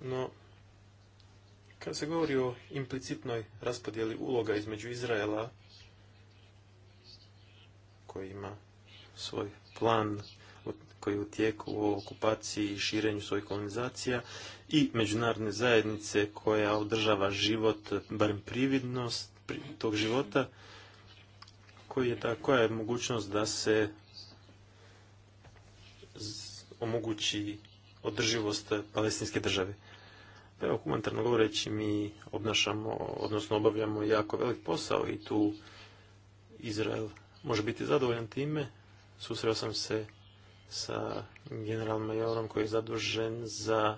No, kad se govori o implicitnoj raspodjeli uloga između Izraela, koji ima svoj plan koji je u tijeku u okupaciji i širenju svojih kolonizacija i međunarodne zajednice koja održava život, barem prividnost tog života, koji je ta, koja je mogućnost da se omogući održivost palestinske države. Evo, humanitarno govoreći, mi obnašamo, odnosno obavljamo jako velik posao i tu Izrael može biti zadovoljan time. Susreo sam se sa generalom majorom koji je zadužen za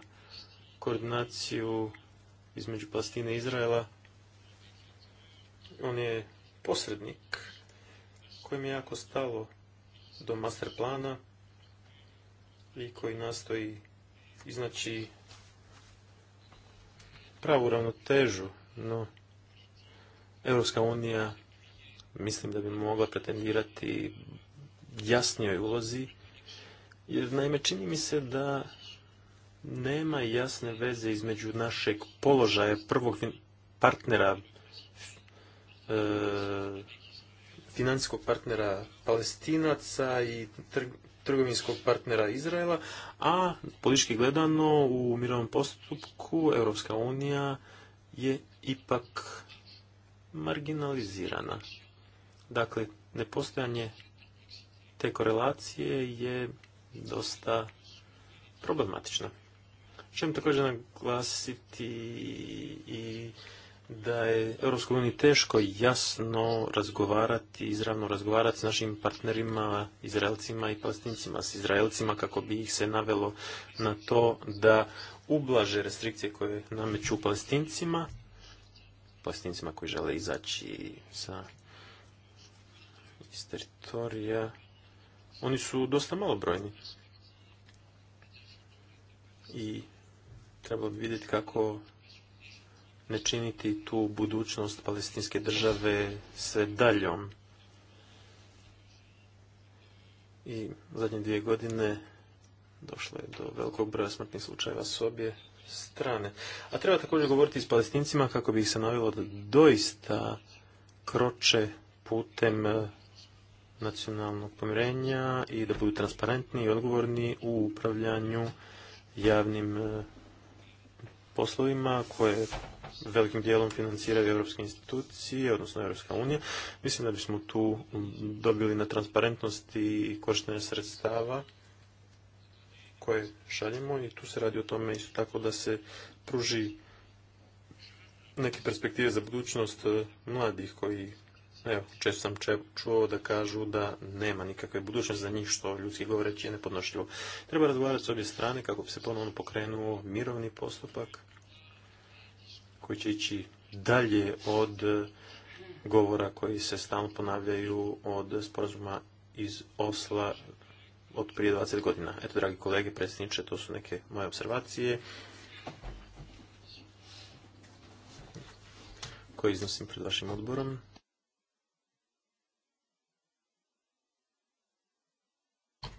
koordinaciju između Palestine i Izraela. On je posrednik mi je jako stalo do master plana i koji nastoji iznaći pravu ravnotežu, no Europska unija mislim da bi mogla pretendirati jasnijoj ulozi, jer naime čini mi se da nema jasne veze između našeg položaja prvog partnera e, financijskog partnera palestinaca i trgovinskog partnera Izraela, a politički gledano u mirovnom postupku Europska unija je ipak marginalizirana. Dakle, nepostojanje te korelacije je dosta problematična. Čem također naglasiti i da je EU teško jasno razgovarati, izravno razgovarati s našim partnerima, Izraelcima i Palestincima, s Izraelcima kako bi ih se navelo na to da ublaže restrikcije koje nameću Palestincima, Palestincima koji žele izaći sa iz teritorija. Oni su dosta malobrojni. I treba vidjeti kako ne činiti tu budućnost palestinske države sve daljom. I zadnje dvije godine došlo je do velikog broja smrtnih slučajeva s obje strane. A treba također govoriti s palestincima kako bi ih se navjelo da doista kroče putem eh, nacionalnog pomirenja i da budu transparentni i odgovorni u upravljanju javnim eh, poslovima koje velikim dijelom financiraju europske institucije, odnosno Europska unija. Mislim da bismo tu dobili na transparentnosti i sredstava koje šaljemo i tu se radi o tome isto tako da se pruži neke perspektive za budućnost e, mladih koji Evo, često sam čuo da kažu da nema nikakve budućnosti za njih, što ljudski govoreći je nepodnošljivo. Treba razgovarati s obje strane kako bi se ponovno pokrenuo mirovni postupak koji će ići dalje od govora koji se stalno ponavljaju od sporazuma iz Osla od prije 20 godina. Eto, dragi kolege, predsjedniče, to su neke moje observacije koje iznosim pred vašim odborom.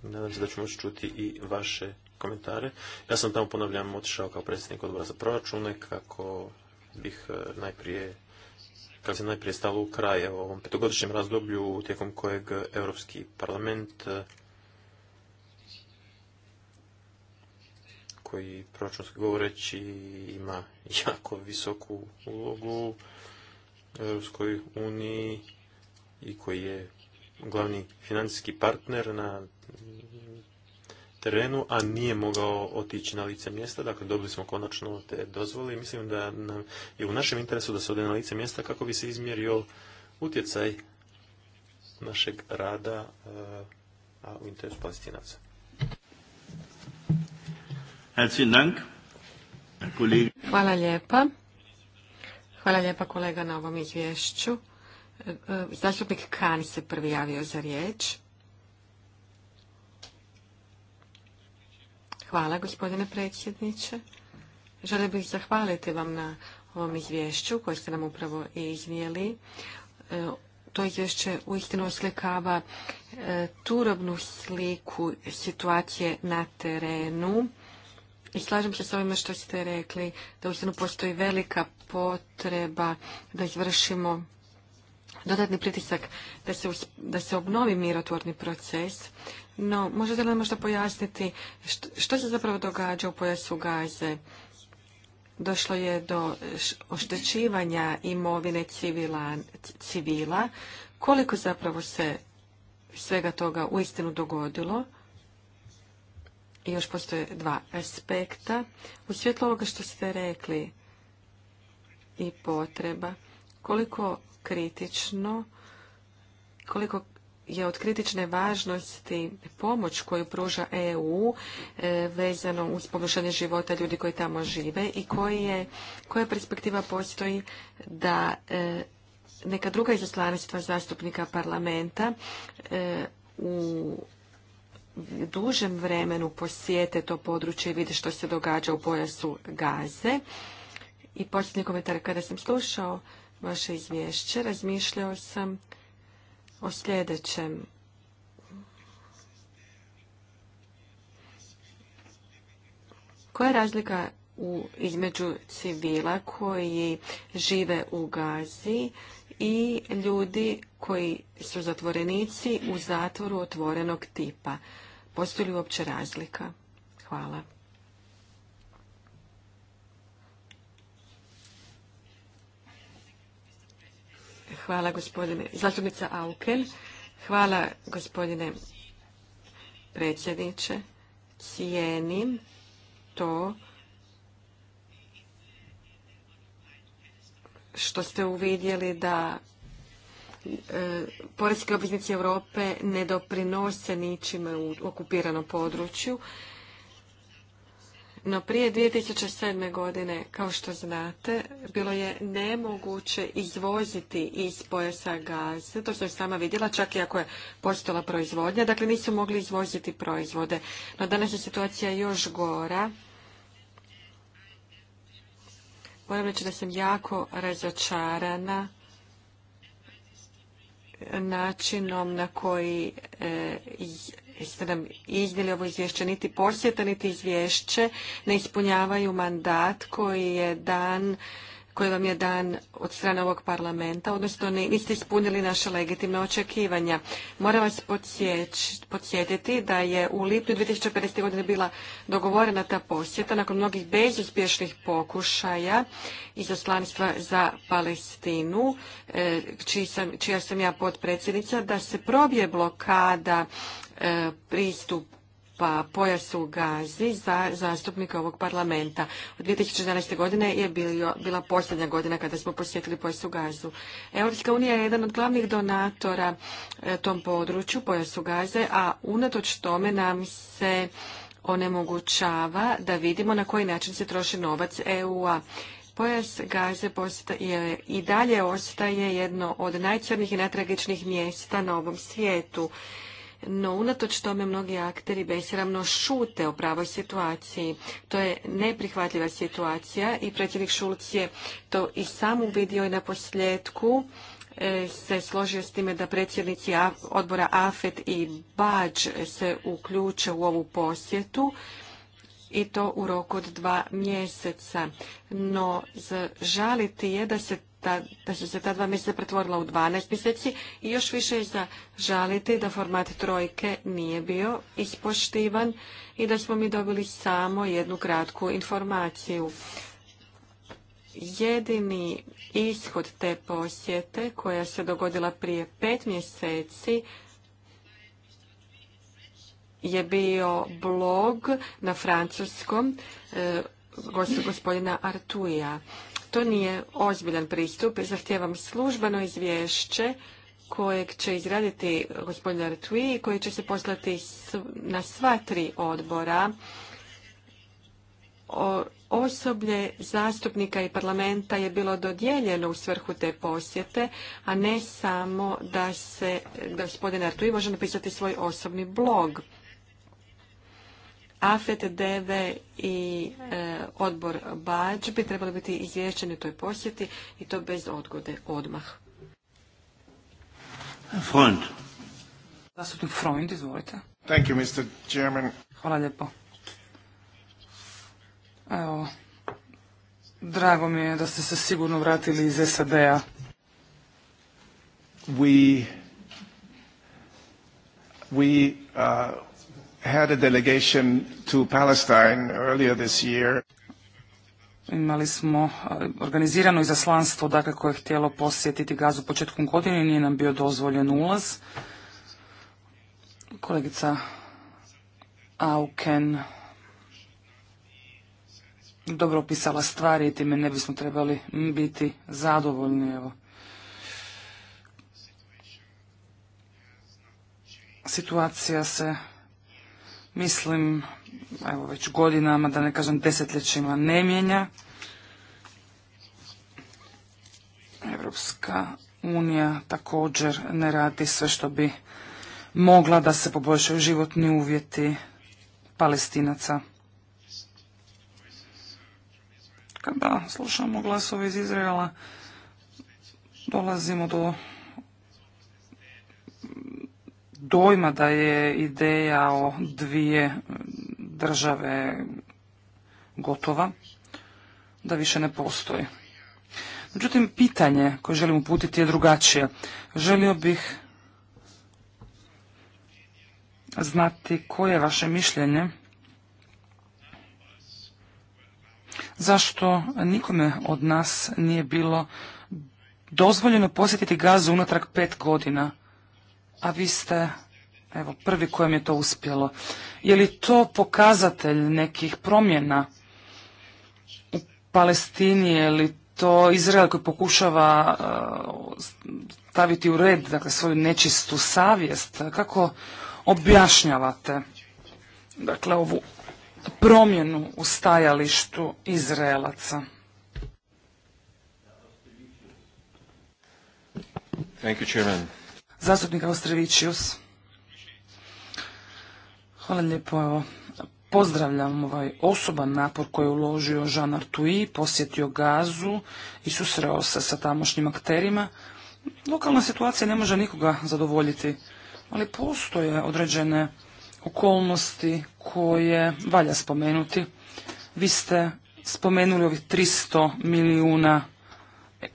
Nadam se da ću moći čuti i vaše komentare. Ja sam tamo, ponavljam, otišao kao predsjednik odbora za proračune, kako bih e, najprije kad se najprije stalo u kraj evo, ovom petogodišnjem razdoblju tijekom kojeg Europski parlament e, koji proračunski govoreći ima <laughs> jako visoku ulogu u Europskoj uniji i koji je glavni financijski partner na terenu, a nije mogao otići na lice mjesta. Dakle, dobili smo konačno te dozvole i mislim da nam je u našem interesu da se ode na lice mjesta kako bi se izmjerio utjecaj našeg rada e, a u interesu palestinaca. Hvala lijepa. Hvala lijepa kolega na ovom izvješću. E, e, zastupnik Kan se prvi javio za riječ. Hvala, gospodine predsjedniče. Želio bih zahvaliti vam na ovom izvješću koje ste nam upravo iznijeli. E, to izvješće uistinu oslikava e, turobnu sliku situacije na terenu. I slažem se s ovime što ste rekli, da uistinu postoji velika potreba da izvršimo dodatni pritisak da se, da se obnovi mirotvorni proces. No, možete li možda pojasniti što, se zapravo događa u pojasu Gaze? Došlo je do oštećivanja imovine civila, civila. Koliko zapravo se svega toga uistinu dogodilo? I još postoje dva aspekta. U svjetlu ovoga što ste rekli i potreba, koliko kritično, koliko je od kritične važnosti pomoć koju pruža EU e, vezano uz poboljšanje života ljudi koji tamo žive i koji je, koja perspektiva postoji da e, neka druga izaslanstva zastupnika parlamenta e, u dužem vremenu posjete to područje i vide što se događa u pojasu Gaze. I posljednji komentar, kada sam slušao vaše izvješće, razmišljao sam o sljedećem. Koja je razlika u, između civila koji žive u Gazi i ljudi koji su zatvorenici u zatvoru otvorenog tipa? Postoji li uopće razlika? Hvala. Hvala gospodine. Zastupnica Aukel, Hvala gospodine predsjedniče. Cijenim to što ste uvidjeli da e, poredske obveznici Europe ne doprinose ničime u okupiranom području. No prije 2007. godine, kao što znate, bilo je nemoguće izvoziti iz pojasa gaze. To sam sama vidjela, čak i ako je postala proizvodnja. Dakle, nisu mogli izvoziti proizvode. No danas je situacija još gora. Moram reći da sam jako razočarana načinom na koji e, ste nam iznijeli ovo izvješće, niti posjeta, niti izvješće ne ispunjavaju mandat koji je dan koji vam je dan od strane ovog parlamenta, odnosno niste ispunili naše legitimne očekivanja. Moram vas podsjetiti da je u lipnju 2015. godine bila dogovorena ta posjeta nakon mnogih bezuspješnih pokušaja izaslanstva za Palestinu, e, čija sam ja potpredsjednica, da se probije blokada e, pristup pa pojasu Gazi za zastupnika ovog parlamenta. Od 2011. godine je bila posljednja godina kada smo posjetili pojasu Gazu. Europska unija je jedan od glavnih donatora e, tom području pojasu Gaze, a unatoč tome nam se onemogućava da vidimo na koji način se troši novac EU-a. Pojas Gaze i dalje ostaje jedno od najcrnijih i najtragičnijih mjesta na ovom svijetu no unatoč tome mnogi akteri besramno šute o pravoj situaciji. To je neprihvatljiva situacija i predsjednik Šulc je to i sam uvidio i na posljedku e, se složio s time da predsjednici odbora AFET i BAČ se uključe u ovu posjetu i to u roku od dva mjeseca. No, žaliti je da se da su se ta dva mjeseca pretvorila u 12 mjeseci i još više je za žaliti da format trojke nije bio ispoštivan i da smo mi dobili samo jednu kratku informaciju. Jedini ishod te posjete koja se dogodila prije pet mjeseci je bio blog na francuskom e, gospodina artuja. To nije ozbiljan pristup. Zahtijevam službeno izvješće kojeg će izraditi gospodin Artui i koji će se poslati na sva tri odbora. osoblje zastupnika i parlamenta je bilo dodijeljeno u svrhu te posjete, a ne samo da se gospodin Artui može napisati svoj osobni blog. AFET, DV i e, odbor BAČ bi trebali biti izvješćeni u toj posjeti i to bez odgode, odmah. Freund. Zastupnik Freund, izvolite. Thank you, Mr. Chairman. Hvala lijepo. Evo, drago mi je da ste se sigurno vratili iz SAD-a. We, we uh, had a delegation to Palestine earlier this year. Imali smo uh, organizirano izaslanstvo dakle, koje je htjelo posjetiti gazu početkom godine, nije nam bio dozvoljen ulaz. Kolegica Auken dobro opisala stvari i time ne bismo trebali biti zadovoljni. Evo. Situacija se mislim, evo već godinama, da ne kažem desetljećima, ne mijenja. Evropska unija također ne radi sve što bi mogla da se poboljšaju životni uvjeti palestinaca. Kada slušamo glasove iz Izraela, dolazimo do dojma da je ideja o dvije države gotova, da više ne postoji. Međutim, pitanje koje želim uputiti je drugačije. Želio bih znati koje je vaše mišljenje zašto nikome od nas nije bilo dozvoljeno posjetiti gazu unatrag pet godina a vi ste evo, prvi kojem je to uspjelo. Je li to pokazatelj nekih promjena u Palestini, je li to Izrael koji pokušava e, staviti u red dakle, svoju nečistu savjest? Kako objašnjavate dakle, ovu promjenu u stajalištu Izraelaca? Thank you, Chairman. Zastupnik Austrevičius. Hvala lijepo. Pozdravljam ovaj osoban napor koji je uložio Jean Artui, posjetio Gazu i susreo se sa tamošnjim akterima. Lokalna situacija ne može nikoga zadovoljiti, ali postoje određene okolnosti koje valja spomenuti. Vi ste spomenuli ovih 300 milijuna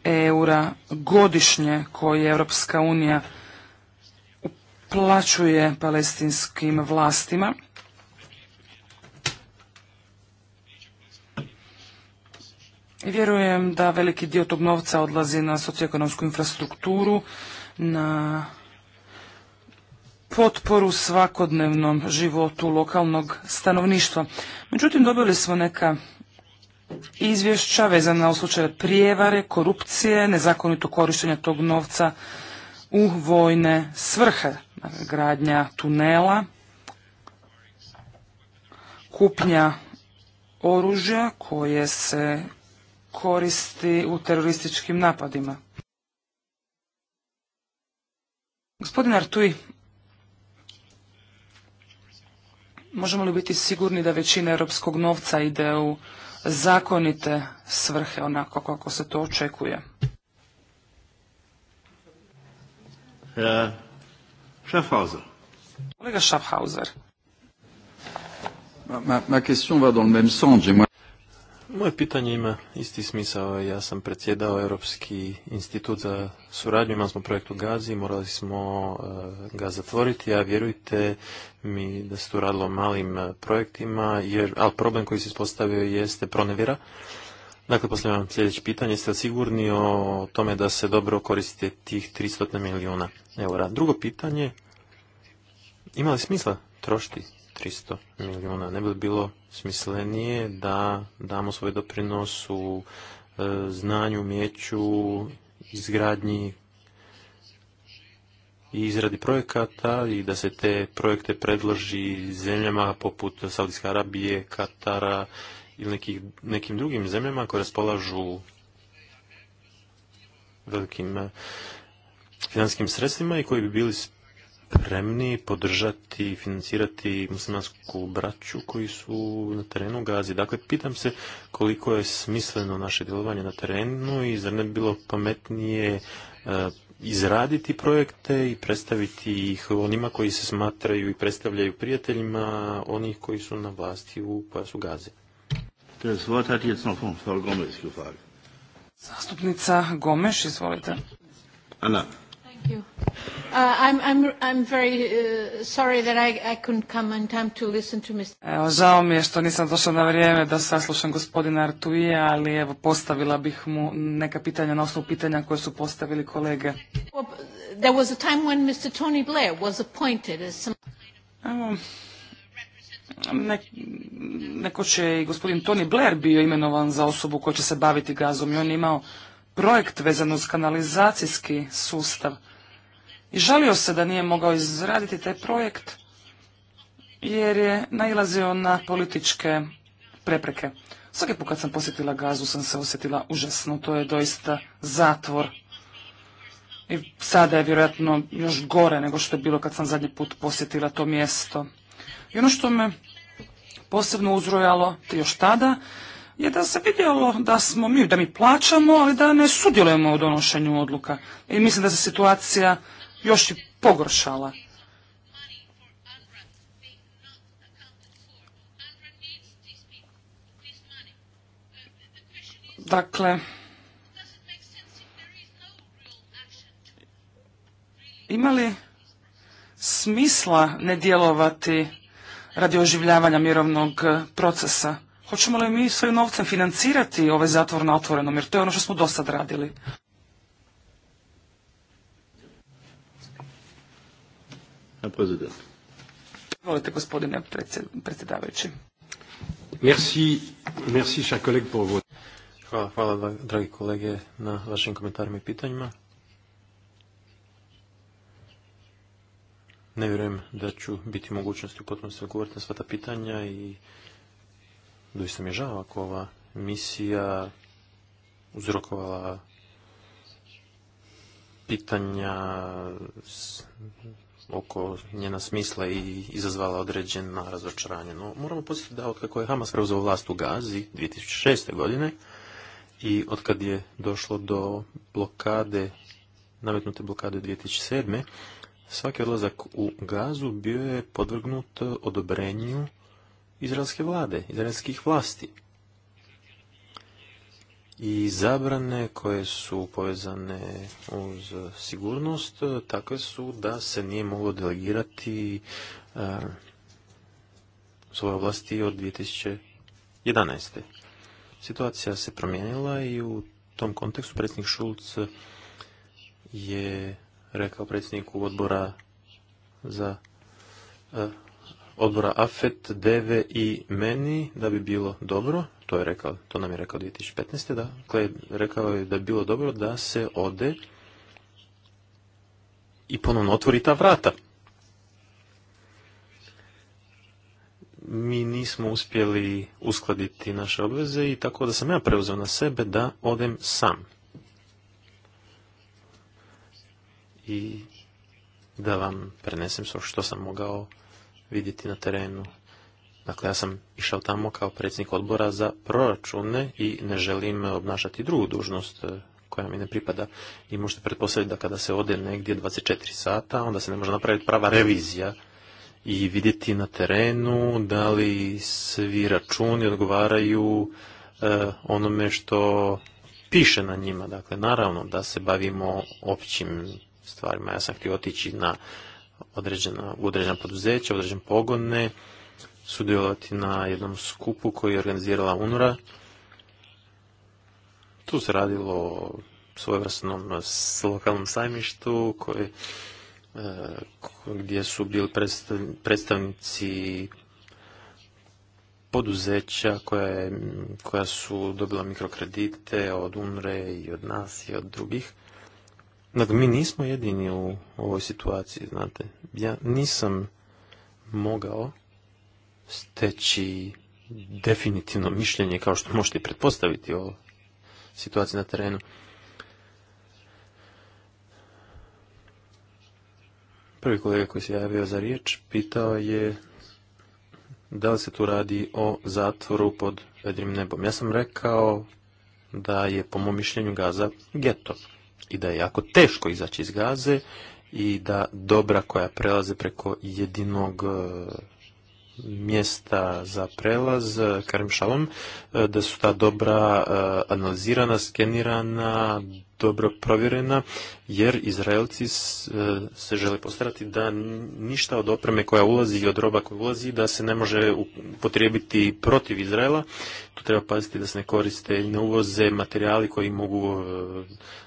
eura godišnje koje Europska unija plaćuje palestinskim vlastima. I vjerujem da veliki dio tog novca odlazi na socioekonomsku infrastrukturu, na potporu svakodnevnom životu lokalnog stanovništva. Međutim, dobili smo neka izvješća vezana u slučaju prijevare, korupcije, nezakonito korištenja tog novca u vojne svrhe gradnja tunela, kupnja oružja koje se koristi u terorističkim napadima. Gospodin Artui, možemo li biti sigurni da većina europskog novca ide u zakonite svrhe, onako kako se to očekuje? Kolega Schaffhauser. Ma, Moje pitanje ima isti smisao. Ja sam predsjedao Europski institut za suradnju, imali smo projekt u Gazi, morali smo eh, ga zatvoriti, a vjerujte mi da se tu radilo o malim eh, projektima, jer, ali problem koji se ispostavio jeste pronevjera. Dakle, postavljam vam sljedeće pitanje. Jeste li sigurni o tome da se dobro koristite tih 300 milijuna eura? Drugo pitanje, ima li smisla trošiti 300 milijuna? Ne bi bilo smislenije da damo svoj doprinos u e, znanju, umijeću, izgradnji i izradi projekata i da se te projekte predloži zemljama poput Saudijske Arabije, Katara, ili nekih, nekim drugim zemljama koje raspolažu velikim eh, financijskim sredstvima i koji bi bili spremni podržati i financirati muslimansku braću koji su na terenu Gazi. Dakle, pitam se koliko je smisleno naše djelovanje na terenu i zar ne bi bilo pametnije eh, izraditi projekte i predstaviti ih onima koji se smatraju i predstavljaju prijateljima onih koji su na vlasti u pojasu gazi. Das Wort hat jetzt noch Frau Gomes gefragt. Zastupnica Gomes, izvolite. Ana. Thank you. Uh, I'm, I'm, I'm very uh, sorry that I, I couldn't come in time to listen to Mr. Evo, žao mi je što nisam došla na vrijeme da saslušam gospodina Artuija, ali evo, postavila bih mu neka pitanja na osnovu pitanja koje su postavili kolege. There was a time when Mr. Tony Blair was appointed as some... Evo, nekoć će i gospodin Tony Blair bio imenovan za osobu koja će se baviti gazom i on je imao projekt vezan uz kanalizacijski sustav. I žalio se da nije mogao izraditi taj projekt jer je nailazio na političke prepreke. Svaki put kad sam posjetila gazu sam se osjetila užasno, to je doista zatvor. I sada je vjerojatno još gore nego što je bilo kad sam zadnji put posjetila to mjesto. I ono što me posebno uzrojalo još tada je da se vidjelo da smo mi, da mi plaćamo, ali da ne sudjelujemo u donošenju odluka. I mislim da se situacija još i pogoršala. Dakle, ima li smisla ne djelovati radi oživljavanja mirovnog e, procesa. Hoćemo li mi svojim novcem financirati ovaj zatvor na otvorenom, jer to je ono što smo do radili. Volite gospodine predsjedavajući. Merci, merci, Hvala, hvala, dragi kolege, na vašim komentarima i pitanjima. Ne vjerujem da ću biti mogućnosti u potpunosti odgovoriti na sva ta pitanja i doista mi je žao ako ova misija uzrokovala pitanja oko njena smisla i izazvala određena razočaranja. No, moramo podsjetiti da otkako je Hamas preuzeo vlast u Gazi 2006. godine i otkad je došlo do blokade, nametnute blokade 2007 svaki odlazak u gazu bio je podvrgnut odobrenju izraelske vlade, izraelskih vlasti. I zabrane koje su povezane uz sigurnost takve su da se nije moglo delegirati e, svoje vlasti od 2011. Situacija se promijenila i u tom kontekstu predsjednik Šulc je rekao predsjedniku odbora za e, odbora AFET, DEVE i meni da bi bilo dobro, to je rekao, to nam je rekao 2015. dakle rekao je da bi bilo dobro da se ode i ponovno otvori ta vrata. Mi nismo uspjeli uskladiti naše obveze i tako da sam ja preuzeo na sebe da odem sam. i da vam prenesem što sam mogao vidjeti na terenu. Dakle, ja sam išao tamo kao predsjednik odbora za proračune i ne želim obnašati drugu dužnost e, koja mi ne pripada. I možete pretpostaviti da kada se ode negdje 24 sata, onda se ne može napraviti prava revizija i vidjeti na terenu da li svi računi odgovaraju e, onome što piše na njima. Dakle, naravno da se bavimo općim stvarima. Ja sam htio otići na određena, poduzeća, određene pogone, sudjelovati na jednom skupu koji je organizirala UNRA. Tu se radilo o e, s lokalnom sajmištu koje, e, gdje su bili predstavnici poduzeća koja, je, koja su dobila mikrokredite od UNRE i od nas i od drugih. Dakle, mi nismo jedini u ovoj situaciji, znate. Ja nisam mogao steći definitivno mišljenje, kao što možete pretpostaviti o situaciji na terenu. Prvi kolega koji se javio za riječ pitao je da li se tu radi o zatvoru pod vedrim nebom. Ja sam rekao da je po mom mišljenju Gaza geto i da je jako teško izaći iz gaze i da dobra koja prelaze preko jedinog eh, mjesta za prelaz eh, Karim Šalom, eh, da su ta dobra eh, analizirana, skenirana, dobro provjerena, jer Izraelci se žele postarati da ništa od opreme koja ulazi i od roba koja ulazi, da se ne može upotrijebiti protiv Izraela. Tu treba paziti da se ne koriste i ne uvoze materijali koji mogu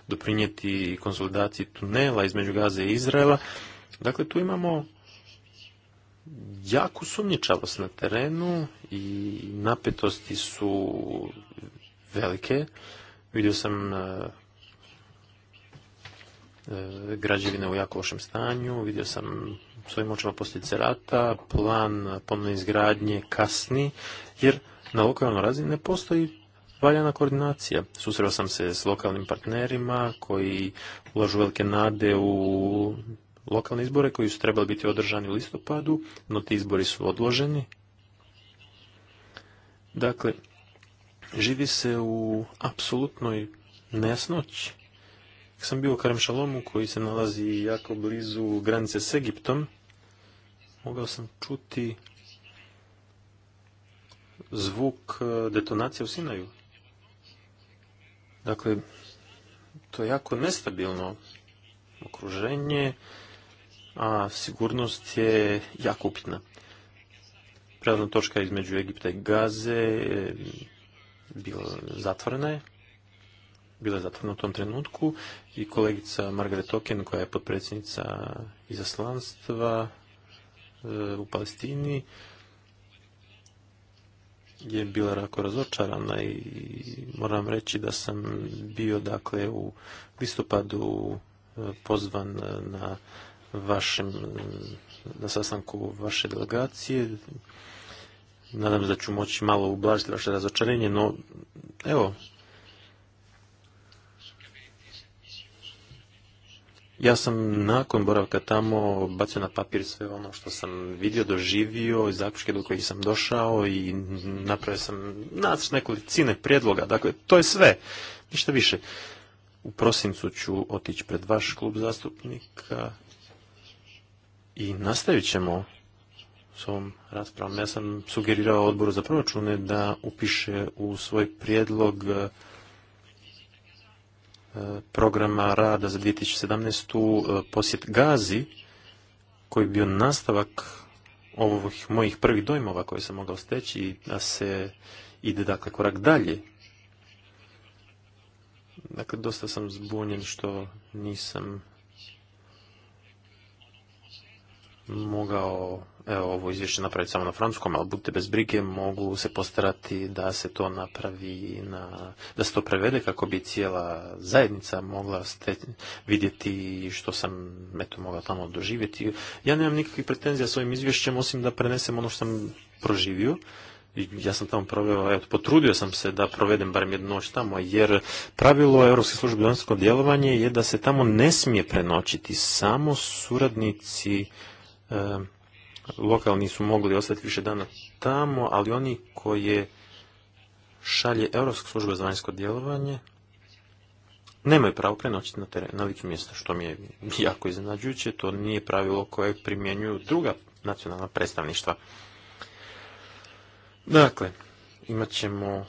doprinijeti konsolidaciji tunela između Gaze i Izraela. Dakle, tu imamo jaku sumnjičavost na terenu i napetosti su velike. Vidio sam e, e, građevine u jako lošem stanju, vidio sam svojim očima posljedice rata, plan ponovne izgradnje kasni, jer na lokalnoj razini ne postoji valjana koordinacija. Susreo sam se s lokalnim partnerima koji ulažu velike nade u lokalne izbore koji su trebali biti održani u listopadu, no ti izbori su odloženi. Dakle, živi se u apsolutnoj nesnoći. Sam bio u Karamšalomu koji se nalazi jako blizu granice s Egiptom. Mogao sam čuti zvuk e, detonacije u Sinaju. Dakle, to je jako nestabilno okruženje, a sigurnost je jako upitna. Prelazna točka između Egipta i Gaze bila zatvorena je, bila je zatvorena u tom trenutku i kolegica Margaret Token koja je potpredsjednica izaslanstva e, u Palestini je bila rako razočarana i moram reći da sam bio dakle u listopadu e, pozvan na vašem, na sastanku vaše delegacije. Nadam se da ću moći malo ublažiti vaše razočarenje, no evo, Ja sam nakon boravka tamo bacio na papir sve ono što sam vidio, doživio i zaključke do kojih sam došao i napravio sam nacrt nekolicine prijedloga. Dakle, to je sve. Ništa više. U prosincu ću otići pred vaš klub zastupnika i nastavit ćemo s ovom raspravom. Ja sam sugerirao odboru za proračune da upiše u svoj prijedlog e, programa rada za 2017. E, posjet Gazi, koji bi bio nastavak ovih mojih prvih dojmova koje sam mogao steći, da se ide dakle korak dalje. Dakle, dosta sam zbunjen što nisam mogao evo, ovo izvješće napraviti samo na francuskom, ali budite bez brige, mogu se postarati da se to napravi, na, da se to prevede kako bi cijela zajednica mogla ste, vidjeti što sam eto, mogao tamo doživjeti. Ja nemam nikakvih pretenzija s ovim izvješćem, osim da prenesem ono što sam proživio. Ja sam tamo proveo, evo potrudio sam se da provedem barem jednu noć tamo, jer pravilo Europske službe vanjsko djelovanje je da se tamo ne smije prenoćiti, samo suradnici lokalni su mogli ostati više dana tamo, ali oni koje šalje Europska služba za vanjsko djelovanje nemaju pravo prenoći na, teren, na licu mjesta, što mi je jako iznenađujuće. To nije pravilo koje primjenjuju druga nacionalna predstavništva. Dakle, imat ćemo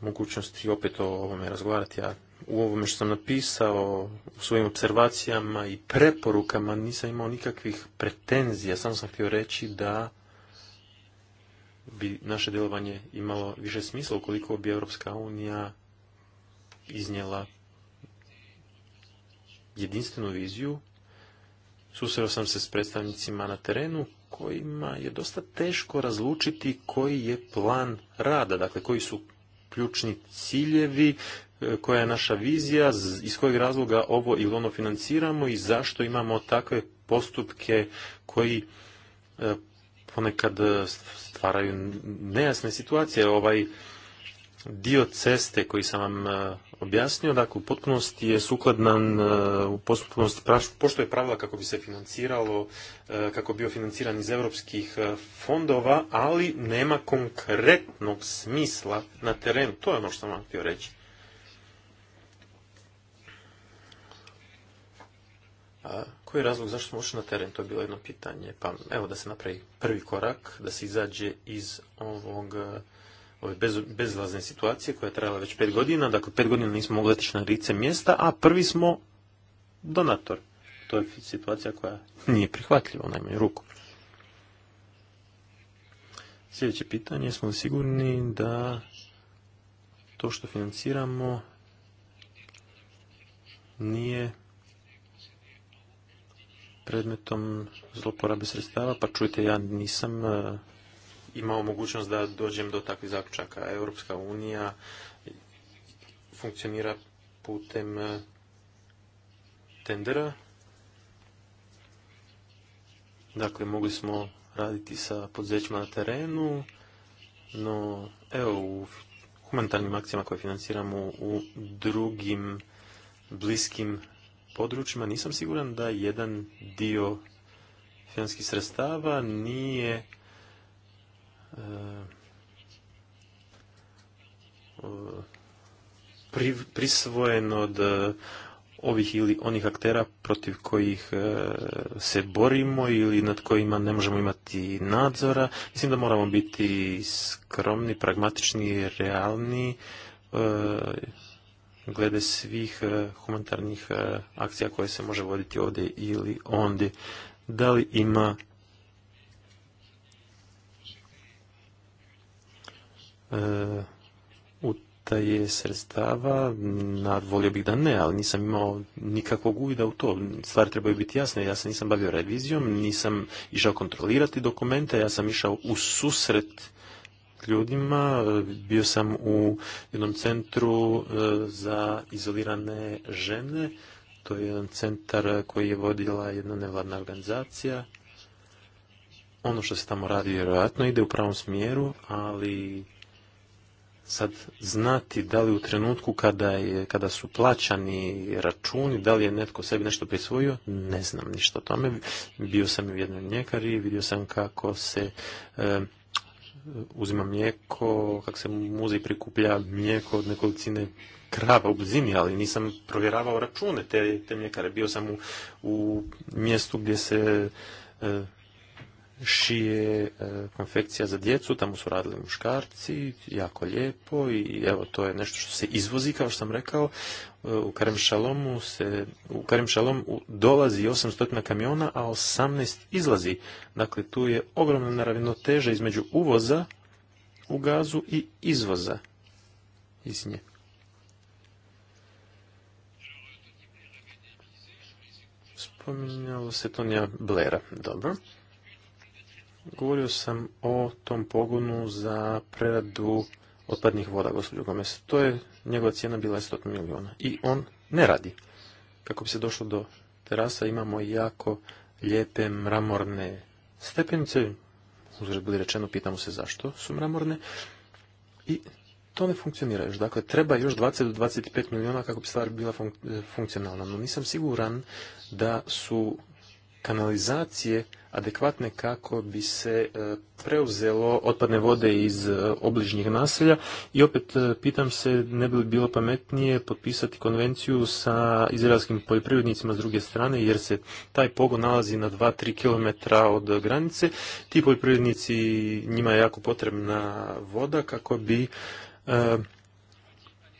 mogućnosti opet o ovome razgovarati, a u ovome što sam napisao, u svojim observacijama i preporukama nisam imao nikakvih pretenzija, samo sam htio reći da bi naše djelovanje imalo više smisla ukoliko bi Europska unija iznijela jedinstvenu viziju. Susreo sam se s predstavnicima na terenu kojima je dosta teško razlučiti koji je plan rada, dakle koji su ključni ciljevi, koja je naša vizija, iz kojeg razloga ovo ili ono financiramo i zašto imamo takve postupke koji e, ponekad stvaraju nejasne situacije. Ovaj dio ceste koji sam vam e, objasnio, dakle u potpunosti je sukladan, e, u potpunosti pošto je pravila kako bi se financiralo, kako bio financiran iz europskih fondova, ali nema konkretnog smisla na terenu. To je ono što sam vam htio reći. A koji je razlog zašto smo ušli na teren? To je bilo jedno pitanje. Pa evo da se napravi prvi korak, da se izađe iz ovog ove bez, bezlazne situacije koja je trajala već pet godina. Dakle, pet godina nismo mogli otići na rice mjesta, a prvi smo donator. To je situacija koja nije prihvatljiva u najmanju ruku. Sljedeće pitanje, smo li sigurni da to što financiramo nije predmetom zloporabe sredstava, pa čujte, ja nisam e, imao mogućnost da dođem do takvih zaključaka. Europska unija funkcionira putem e, tendera. Dakle, mogli smo raditi sa podzećima na terenu, no evo u humanitarnim akcijama koje financiramo u drugim bliskim područjima nisam siguran da jedan dio financijskih sredstava nije e, prisvojen od e, ovih ili onih aktera protiv kojih e, se borimo ili nad kojima ne možemo imati nadzora. Mislim da moramo biti skromni, pragmatični, realni, glede svih eh, humanitarnih eh, akcija koje se može voditi ovdje ili ondje. Da li ima eh, utaje sredstava, volio bih da ne, ali nisam imao nikakvog uvida u to. Stvari trebaju biti jasne, ja se nisam bavio revizijom, nisam išao kontrolirati dokumente, ja sam išao u susret ljudima. Bio sam u jednom centru e, za izolirane žene. To je jedan centar koji je vodila jedna nevladna organizacija. Ono što se tamo radi vjerojatno ide u pravom smjeru, ali sad znati da li u trenutku kada, je, kada su plaćani računi, da li je netko sebi nešto prisvojio, ne znam ništa o tome. Bio sam u jednoj mljekari, vidio sam kako se e, uzima mlijeko, kako se muzej prikuplja mlijeko od nekolicine krava u blizini, ali nisam provjeravao račune te, te mljekare. Bio sam u, mjestu gdje se e, šije e, konfekcija za djecu, tamo su radili muškarci, jako lijepo i evo to je nešto što se izvozi, kao što sam rekao, e, u Karim Šalomu se, u Karim Šalom dolazi 800 kamiona, a 18 izlazi. Dakle, tu je ogromna teža između uvoza u gazu i izvoza iz nje. Spominjalo se Tonija Blera, dobro. Govorio sam o tom pogonu za preradu otpadnih voda, gospođo Gomez. To je, njegova cijena bila je 100 milijuna. I on ne radi. Kako bi se došlo do terasa, imamo jako lijepe mramorne stepenice. uz bili rečeno, pitamo se zašto su mramorne. I to ne funkcionira još. Dakle, treba još 20 do 25 milijuna kako bi stvar bila funkcionalna. No nisam siguran da su kanalizacije adekvatne kako bi se e, preuzelo otpadne vode iz e, obližnjih naselja i opet e, pitam se ne bi li bilo pametnije potpisati konvenciju sa izraelskim poljoprivrednicima s druge strane jer se taj pogon nalazi na 2-3 km od granice. Ti poljoprivrednici njima je jako potrebna voda kako bi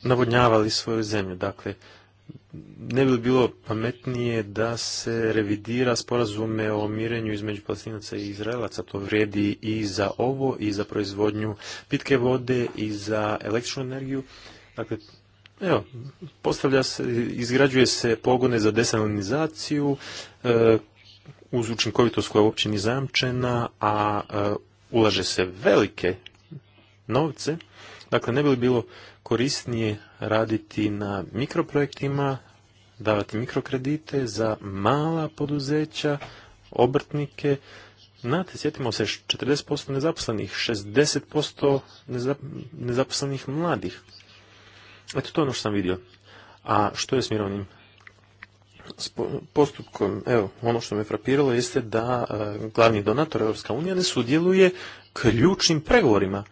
navodnjavali svoju zemlju. Dakle, ne bi bilo pametnije da se revidira sporazume o mirenju između palestinaca i izraelaca. To vrijedi i za ovo, i za proizvodnju pitke vode, i za električnu energiju. Dakle, evo, postavlja se, izgrađuje se pogone za desalinizaciju, e, uz učinkovitost koja uopće ni zamčena, a e, ulaže se velike novce. Dakle, ne bi li bilo korisnije raditi na mikroprojektima, davati mikrokredite za mala poduzeća, obrtnike. Znate, sjetimo se 40% nezaposlenih, 60% nezaposlenih mladih. Eto, to je ono što sam vidio. A što je s mirovnim postupkom? Evo, ono što me frapiralo jeste da e, glavni donator Europska unija ne sudjeluje ključnim pregovorima.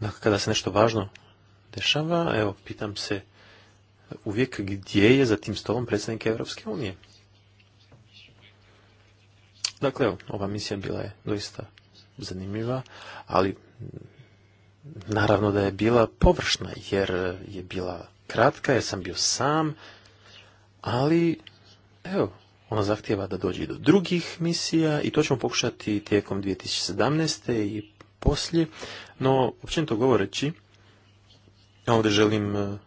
Dakle, kada se nešto važno dešava. Evo, pitam se uvijek gdje je za tim stolom predsjednik Europske unije. Dakle, evo, ova misija bila je doista zanimljiva, ali naravno da je bila površna, jer je bila kratka, jer sam bio sam, ali evo, ona zahtjeva da dođe i do drugih misija i to ćemo pokušati tijekom 2017. i poslije, no općenito govoreći, ja ovdje želim e,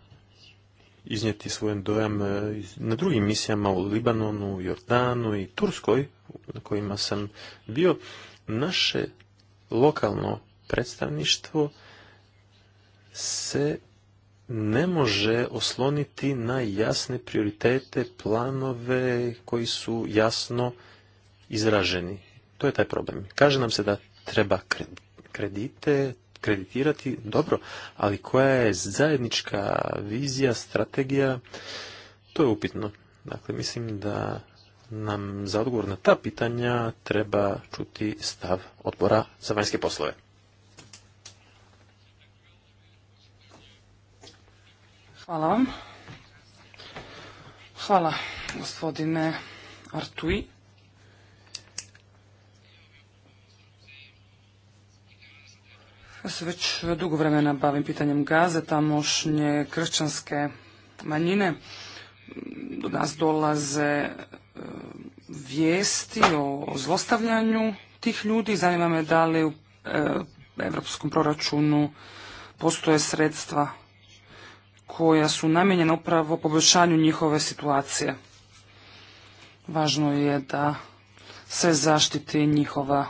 iznijeti svoj dojam e, na drugim misijama u Libanonu, Jordanu i Turskoj, na kojima sam bio, naše lokalno predstavništvo se ne može osloniti na jasne prioritete, planove koji su jasno izraženi. To je taj problem. Kaže nam se da treba kredite, kreditirati, dobro, ali koja je zajednička vizija, strategija, to je upitno. Dakle, mislim da nam za odgovor na ta pitanja treba čuti stav odbora za vanjske poslove. Hvala vam. Hvala gospodine Artui. Ja se već dugo vremena bavim pitanjem Gaze, tamošnje kršćanske manjine. Do nas dolaze e, vijesti o zlostavljanju tih ljudi. Zanima me da li u e, evropskom proračunu postoje sredstva koja su namijenjena upravo poboljšanju njihove situacije. Važno je da se zaštiti njihova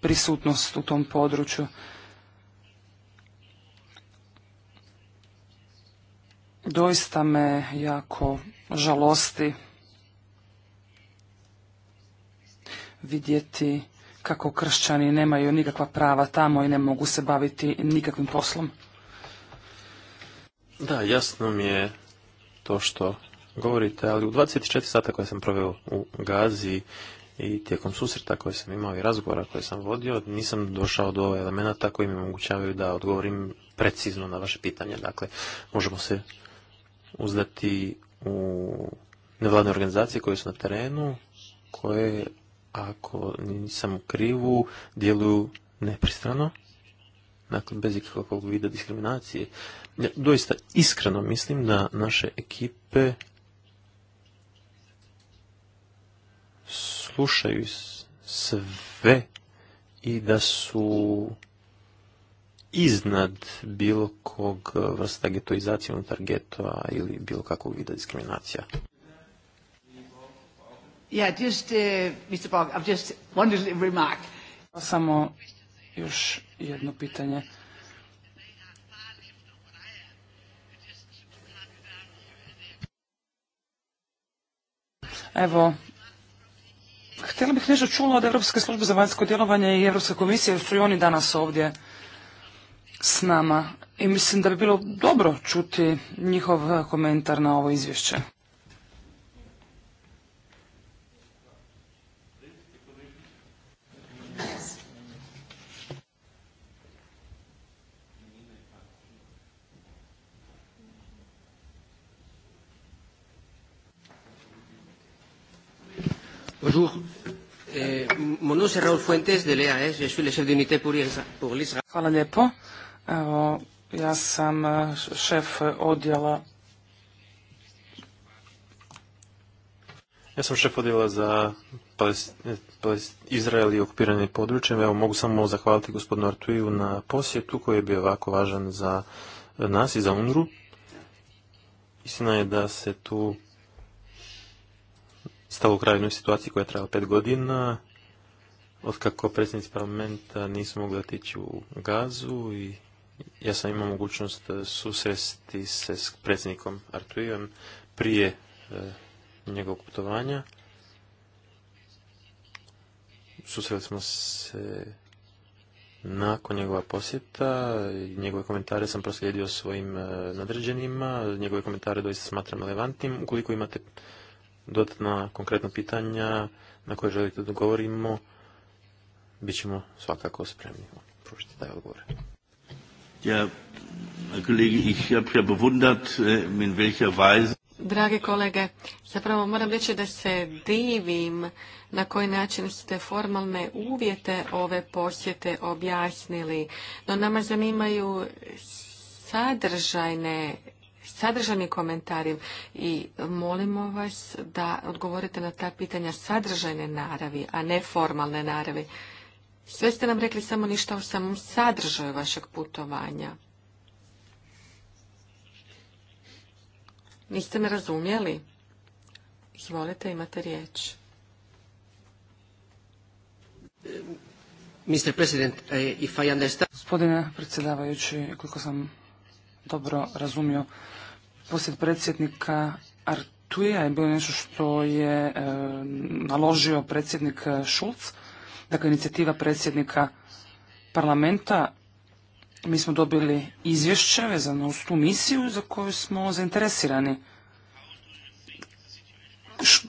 prisutnost u tom području. doista me jako žalosti vidjeti kako kršćani nemaju nikakva prava tamo i ne mogu se baviti nikakvim poslom. Da, jasno mi je to što govorite, ali u 24 sata koje sam proveo u Gazi i tijekom susreta koje sam imao i razgovora koje sam vodio, nisam došao do elemenata koji mi omogućavaju da odgovorim precizno na vaše pitanje. Dakle, možemo se uzdati u nevladne organizacije koje su na terenu, koje, ako nisam u krivu, djeluju nepristrano, dakle bez ikakvog vida diskriminacije. Ja doista iskreno mislim da naše ekipe slušaju sve i da su iznad bilo kog eh, vrsta getoizacije unutar ili bilo kakvog vida diskriminacija. just, eh, Mr. Pa samo još jedno pitanje. Evo, htjela bih nešto čula od Europske službe za vanjsko djelovanje i Europske komisije, jer su i oni danas ovdje s nama i mislim da bi bilo dobro čuti njihov komentar na ovo izvješće. Bonjour. Eh, Hvala lijepo. Evo, ja sam eh, šef eh, odjela Ja sam šef odjela za Izrael i okupirane područje. Evo, mogu samo zahvaliti gospodinu Artuiju na posjetu koji je bio ovako važan za nas i za UNRU. Istina je da se tu stalo u krajnoj situaciji koja je trajala pet godina, otkako predsjednici parlamenta nisu mogli otići u gazu i ja sam imao mogućnost e, susresti se s predsjednikom Artuijom prije e, njegovog putovanja. Susreli smo se nakon njegova posjeta, njegove komentare sam proslijedio svojim e, nadređenima, njegove komentare doista smatram relevantnim. Ukoliko imate dodatna konkretna pitanja na koje želite da govorimo, bit ćemo svakako spremni pružiti taj odgovor. Ja, kolegi, ich äh, Drage kolege, zapravo moram reći da se divim na koji način ste formalne uvjete ove posjete objasnili, no nama zanimaju sadržajne sadržani komentari i molimo vas da odgovorite na ta pitanja sadržajne naravi, a ne formalne naravi. Sve ste nam rekli samo ništa o samom sadržaju vašeg putovanja. Niste me razumjeli? Izvolite, imate riječ. Mr. President, eh, if I understand... Gospodine predsjedavajući, koliko sam dobro razumio, posjet predsjednika Artuja je bilo nešto što je e, naložio predsjednik e, Šulc, dakle inicijativa predsjednika parlamenta. Mi smo dobili izvješće vezano uz tu misiju za koju smo zainteresirani.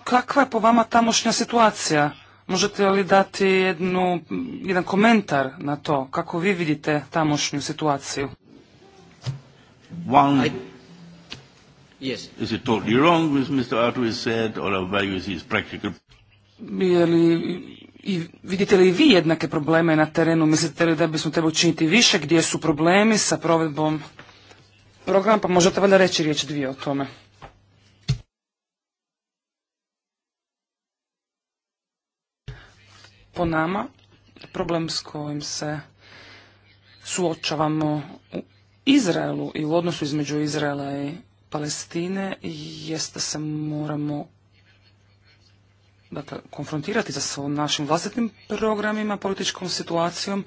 Kakva je po vama tamošnja situacija? Možete li dati jednu, jedan komentar na to? Kako vi vidite tamošnju situaciju? Yes. Is it totally wrong, as Mr. Artu said, or are you is practical? Je li, i, vidite li vi jednake probleme na terenu? Mislite li da bismo trebali učiniti više? Gdje su problemi sa provedbom programa? Pa možete valjda reći riječ dvije o tome. Po nama, problem s kojim se suočavamo u Izraelu i u odnosu između Izraela i Palestine jest da se moramo dakle, konfrontirati sa našim vlastitim programima, političkom situacijom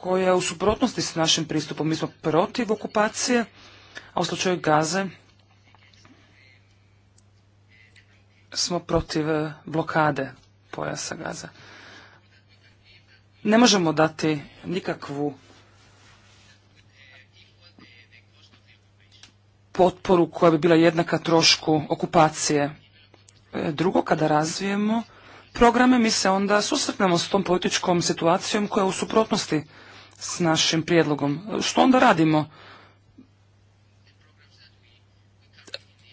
koja je u suprotnosti s našim pristupom. Mi smo protiv okupacije, a u slučaju Gaze smo protiv eh, blokade pojasa gaze. Ne možemo dati nikakvu potporu koja bi bila jednaka trošku okupacije. E, drugo, kada razvijemo programe, mi se onda susretnemo s tom političkom situacijom koja je u suprotnosti s našim prijedlogom. Što onda radimo?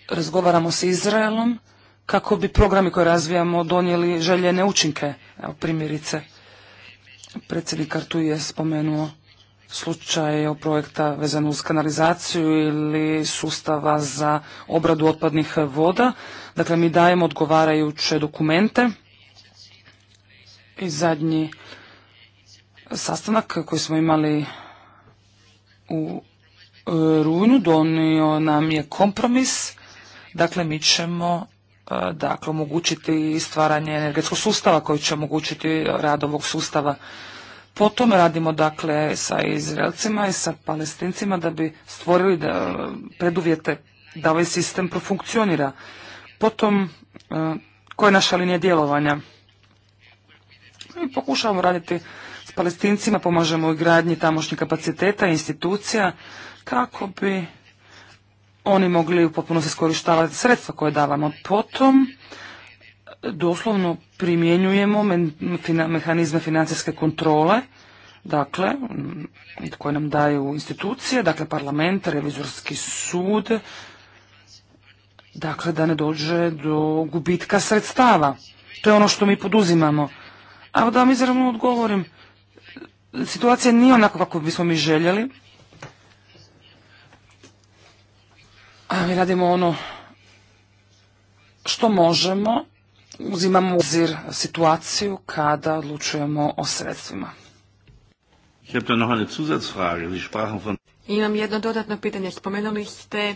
Razgovaramo s Izraelom kako bi programi koje razvijamo donijeli željene učinke. Evo primjerice, predsjednik Artu je spomenuo slučaj projekta vezano uz kanalizaciju ili sustava za obradu otpadnih voda. Dakle, mi dajemo odgovarajuće dokumente i zadnji sastanak koji smo imali u e, rujnu donio nam je kompromis. Dakle, mi ćemo e, dakle, omogućiti stvaranje energetskog sustava koji će omogućiti rad ovog sustava. Potom radimo dakle sa Izraelcima i sa Palestincima da bi stvorili da, preduvjete da ovaj sistem profunkcionira. Potom, e, koja je naša linija djelovanja? Mi pokušavamo raditi s palestincima, pomažemo u gradnji tamošnjih kapaciteta i institucija kako bi oni mogli u potpunosti iskorištavati sredstva koje davamo. Potom, doslovno primjenjujemo mehanizme financijske kontrole, dakle, mm, koje nam daju institucije, dakle parlament, revizorski sud, dakle da ne dođe do gubitka sredstava. To je ono što mi poduzimamo. A da vam izravno odgovorim, situacija nije onako kako bismo mi željeli. A mi radimo ono što možemo uzimamo u obzir situaciju kada odlučujemo o sredstvima. Imam jedno dodatno pitanje. Spomenuli ste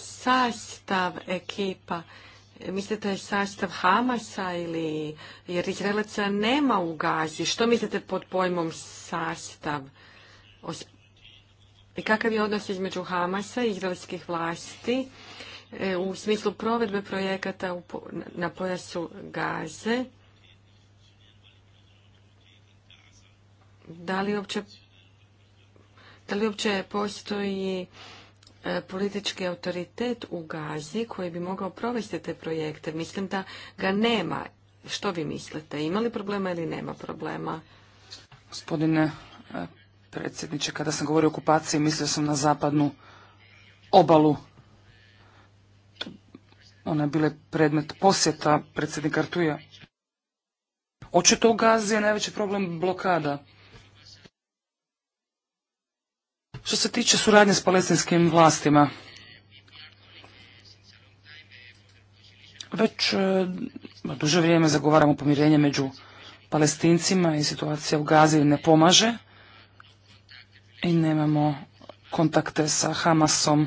sastav ekipa. Mislite sastav Hamasa ili jer Izraelaca nema u Gazi? Što mislite pod pojmom sastav? I kakav je odnos između Hamasa i izraelskih vlasti? E, u smislu provedbe projekata na pojasu gaze. Da li uopće, da li postoji e, politički autoritet u Gazi koji bi mogao provesti te projekte? Mislim da ga nema. Što vi mislite? Ima li problema ili nema problema? Gospodine e, predsjedniče, kada sam govorio o okupaciji, mislio sam na zapadnu obalu je bile predmet posjeta predsjednika Artuja. Očito u Gazi je najveći problem blokada. Što se tiče suradnje s palestinskim vlastima, već e, duže vrijeme zagovaramo pomirenje među palestincima i situacija u Gazi ne pomaže i nemamo kontakte sa Hamasom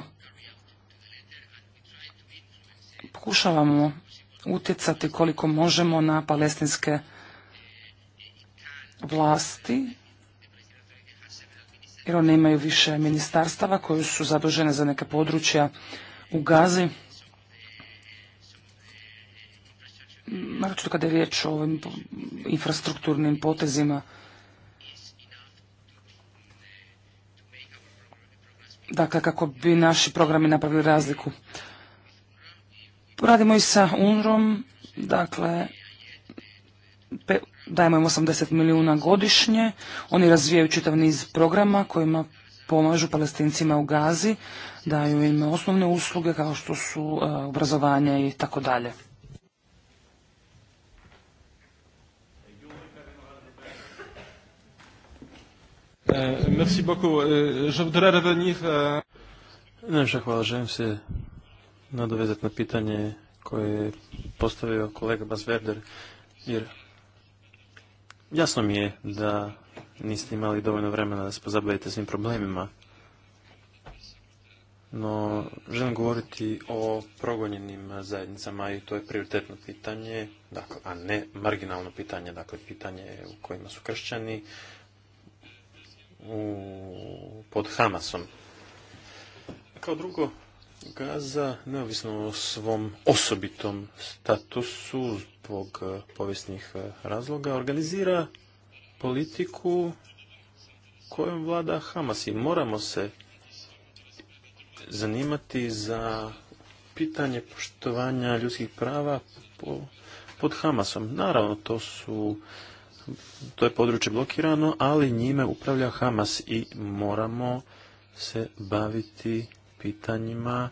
pokušavamo utjecati koliko možemo na palestinske vlasti, jer one imaju više ministarstava koje su zadužene za neke područja u Gazi. Naročito kada je riječ o ovim infrastrukturnim potezima, dakle kako bi naši programi napravili razliku. Radimo i sa UNROM, dakle, dajemo im 80 milijuna godišnje, oni razvijaju čitav niz programa kojima pomažu palestincima u Gazi, daju im osnovne usluge kao što su e, obrazovanje i tako dalje. E, merci beaucoup. E, hvala, se nadovezati na pitanje koje je postavio kolega Basverder, jer jasno mi je da niste imali dovoljno vremena da se pozabavite svim problemima, no želim govoriti o progonjenim zajednicama i to je prioritetno pitanje, dakle, a ne marginalno pitanje, dakle pitanje u kojima su kršćani u, pod Hamasom. Kao drugo, Gaza, neovisno o svom osobitom statusu zbog e, povijesnih e, razloga, organizira politiku kojom vlada Hamas i moramo se zanimati za pitanje poštovanja ljudskih prava pod Hamasom. Naravno, to su to je područje blokirano, ali njime upravlja Hamas i moramo se baviti pitanjima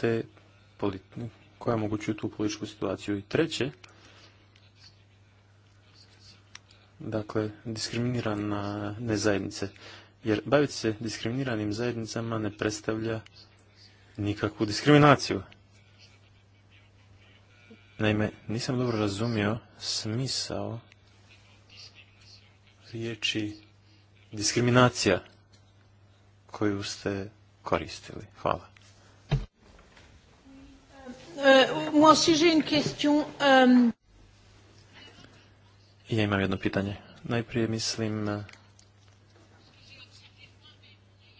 te koja omogućuju tu političku situaciju. I treće, dakle, diskriminirana nezajednice. Jer baviti se diskriminiranim zajednicama ne predstavlja nikakvu diskriminaciju. Naime, nisam dobro razumio smisao riječi diskriminacija koju ste koristili. Hvala. Uh, um, ja imam jedno pitanje. Najprije mislim...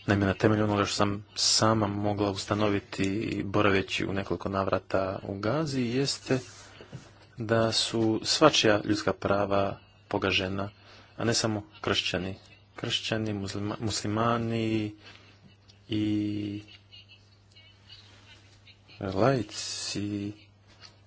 Naime, na temelju onoga što sam sama mogla ustanoviti boraveći u nekoliko navrata u Gazi, jeste da su svačija ljudska prava pogažena, a ne samo kršćani kršćani, muslimani i lajci,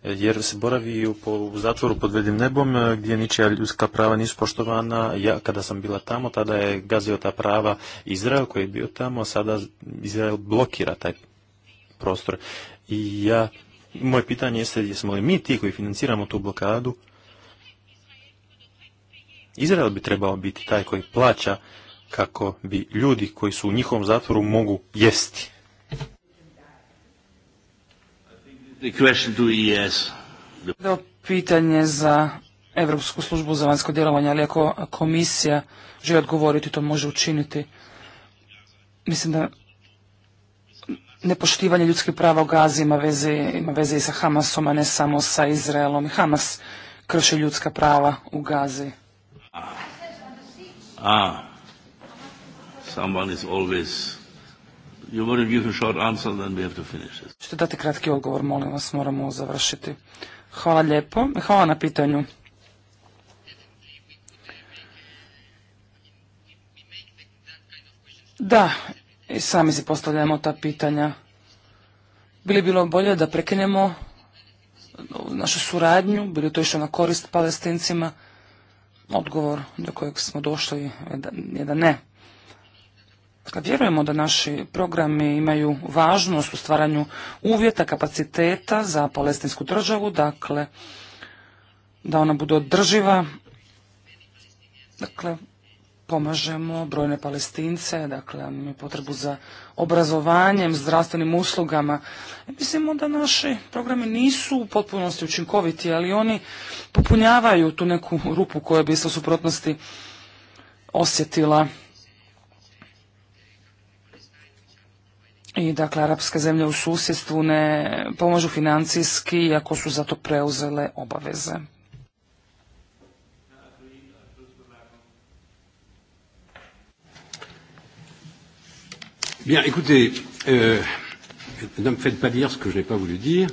jer se boravi u, u zatvoru pod vedim nebom e, gdje ničija ljudska prava nisu poštovana. Ja kada sam bila tamo, tada je gazio ta prava Izrael koji je bio tamo, a sada Izrael blokira taj prostor. I ja, moje pitanje jeste jesmo li mi ti koji financiramo tu blokadu, Izrael bi trebao biti taj koji plaća kako bi ljudi koji su u njihovom zatvoru mogu jesti. Do pitanje za Europsku službu za vanjsko djelovanje, ali ako komisija želi odgovoriti, to može učiniti. Mislim da nepoštivanje ljudskih prava u Gazi ima veze, ima veze i sa Hamasom, a ne samo sa Izraelom. Hamas krši ljudska prava u Gazi. Ah. ah, someone is always... You want a short answer, then we have to finish dati kratki odgovor, molim vas, moramo završiti. Hvala lijepo. Hvala na pitanju. Da, i sami si postavljamo ta pitanja. Bili bilo bolje da prekinemo našu suradnju, bilo to išlo na korist palestincima, odgovor do kojeg smo došli je da ne. Dakle, vjerujemo da naši programi imaju važnost u stvaranju uvjeta, kapaciteta za palestinsku državu, dakle, da ona bude održiva. Dakle, pomažemo brojne palestince, dakle mi potrebu za obrazovanjem, zdravstvenim uslugama. Mislimo da naši programi nisu u potpunosti učinkoviti, ali oni popunjavaju tu neku rupu koja bi se u suprotnosti osjetila. I dakle, arapske zemlje u susjedstvu ne pomažu financijski, iako su zato preuzele obaveze. Bien, écoutez, euh, faites pas dire ce que je n'ai pas voulu dire.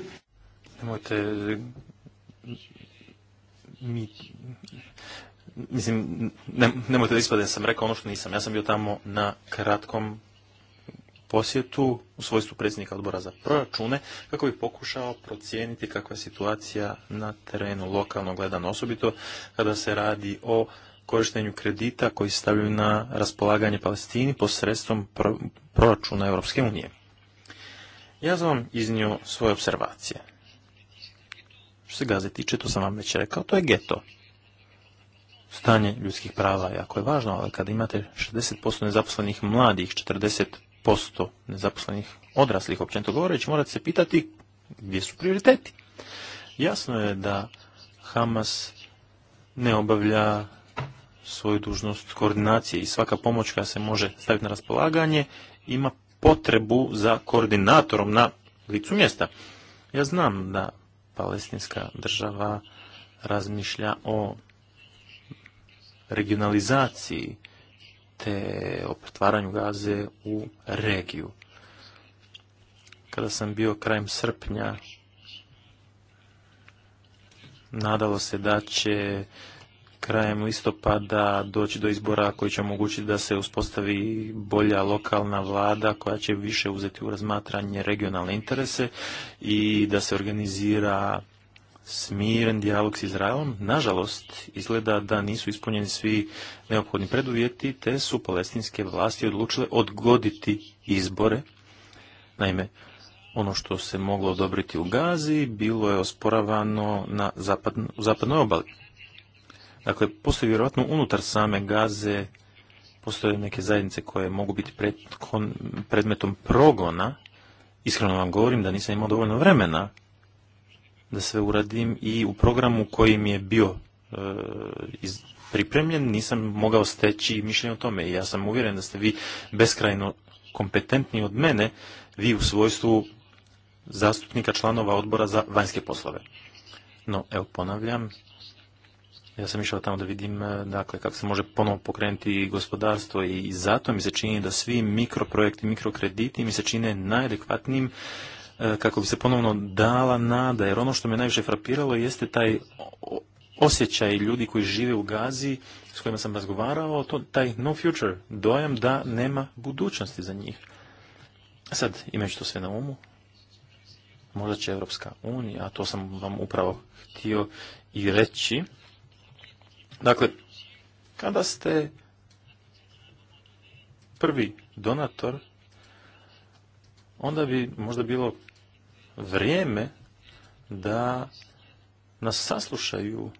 mislim, ne, nemojte da sam rekao ono što nisam. Ja sam bio tamo na kratkom posjetu u svojstvu predsjednika odbora za proračune kako bi pokušao procijeniti kakva je situacija na terenu lokalno gledano, osobito kada se radi o korištenju kredita koji stavljaju na raspolaganje Palestini posredstvom proračuna Europske unije. Ja sam vam iznio svoje observacije. Što se gaze tiče, to sam vam već rekao, to je geto. Stanje ljudskih prava jako je važno, ali kada imate 60% nezaposlenih mladih, 40% nezaposlenih odraslih, općenito govoreći, morate se pitati gdje su prioriteti. Jasno je da Hamas ne obavlja svoju dužnost koordinacije i svaka pomoć koja se može staviti na raspolaganje ima potrebu za koordinatorom na licu mjesta. Ja znam da palestinska država razmišlja o regionalizaciji te o pretvaranju gaze u regiju. Kada sam bio krajem srpnja, nadalo se da će krajem listopada doći do izbora koji će omogućiti da se uspostavi bolja lokalna vlada koja će više uzeti u razmatranje regionalne interese i da se organizira smiren dijalog s Izraelom. Nažalost, izgleda da nisu ispunjeni svi neophodni preduvjeti, te su palestinske vlasti odlučile odgoditi izbore. Naime, ono što se moglo odobriti u Gazi bilo je osporavano na u zapadnoj obali. Dakle, postoji vjerojatno unutar same gaze, postoje neke zajednice koje mogu biti predmetom progona. Iskreno vam govorim da nisam imao dovoljno vremena da sve uradim i u programu koji mi je bio e, pripremljen, nisam mogao steći mišljenje o tome. I ja sam uvjeren da ste vi beskrajno kompetentni od mene, vi u svojstvu zastupnika članova odbora za vanjske poslove. No, evo ponavljam, ja sam išao tamo da vidim e, dakle, kako se može ponovno pokrenuti gospodarstvo i zato mi se čini da svi mikroprojekti, mikrokrediti mi se čine najadekvatnijim e, kako bi se ponovno dala nada, jer ono što me najviše frapiralo jeste taj osjećaj ljudi koji žive u Gazi s kojima sam razgovarao, to, taj no future, dojam da nema budućnosti za njih. Sad, imajući to sve na umu, možda će Evropska unija, a to sam vam upravo htio i reći, Dakle, kada ste prvi donator, onda bi možda bilo vrijeme da nas saslušaju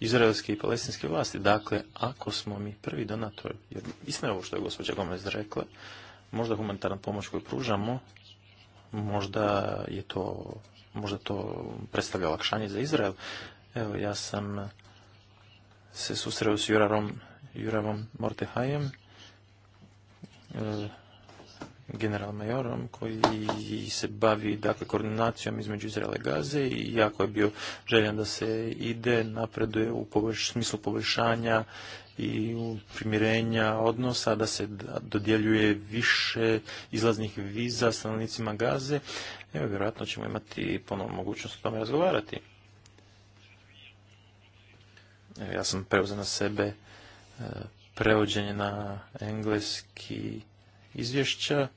izraelske i palestinske vlasti. Dakle, ako smo mi prvi donator, jer istina ovo što je gospođa Gomez rekla, možda humanitarna pomoć koju pružamo, možda je to, možda to predstavlja olakšanje za Izrael. Evo, ja sam se susreo s Jurarom, Juravom Mortehajem, eh, general majorom koji se bavi dakle, koordinacijom između Izraela i Gaze i jako je bio željan da se ide, napreduje u smislu poboljšanja i u primirenja odnosa, da se dodjeljuje više izlaznih viza stanovnicima Gaze. Evo, vjerojatno ćemo imati ponovno mogućnost o tome razgovarati ja sam preuzeo na sebe e, prevođenje na engleski izvješća e,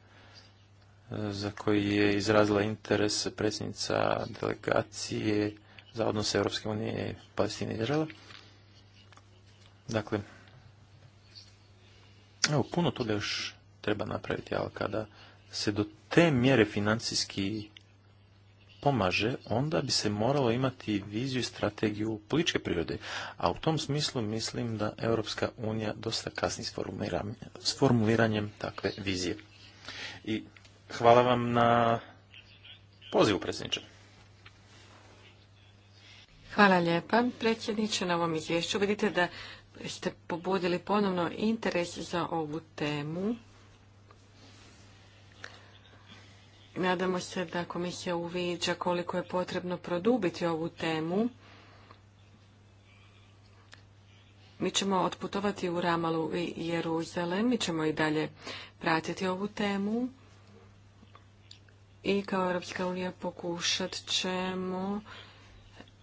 za koji je izrazila interes predsjednica delegacije za odnose Europske unije, Palestine i Izraela. Dakle, evo, puno toga još treba napraviti, ali kada se do te mjere financijski pomaže, onda bi se moralo imati viziju i strategiju političke prirode. A u tom smislu mislim da Europska unija dosta kasni s formuliranjem takve vizije. I hvala vam na pozivu, predsjedniče. Hvala lijepa, predsjedniče, na ovom izvješću. Vidite da ste pobudili ponovno interes za ovu temu. Nadamo se da komisija uviđa koliko je potrebno produbiti ovu temu. Mi ćemo otputovati u Ramalu i Jeruzalem, mi ćemo i dalje pratiti ovu temu i kao Europska unija pokušat ćemo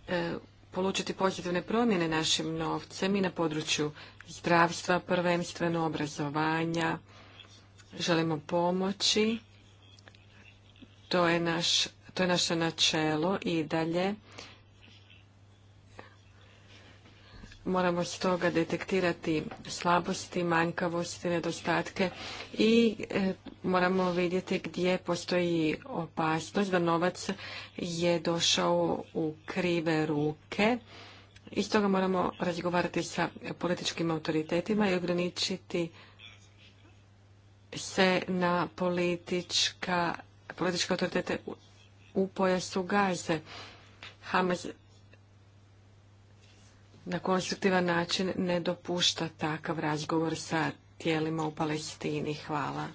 e, polučiti pozitivne promjene našim novcem i na području zdravstva, prvenstveno obrazovanja. Želimo pomoći to je, naš, to je naše načelo i dalje. moramo stoga detektirati slabosti, manjkavosti, nedostatke i e, moramo vidjeti gdje postoji opasnost da novac je došao u krive ruke. I stoga moramo razgovarati sa političkim autoritetima i ograničiti se na politička političke autoritete u pojasu gaze. Hamas na konstruktivan način ne dopušta takav razgovor sa tijelima u Palestini. Hvala.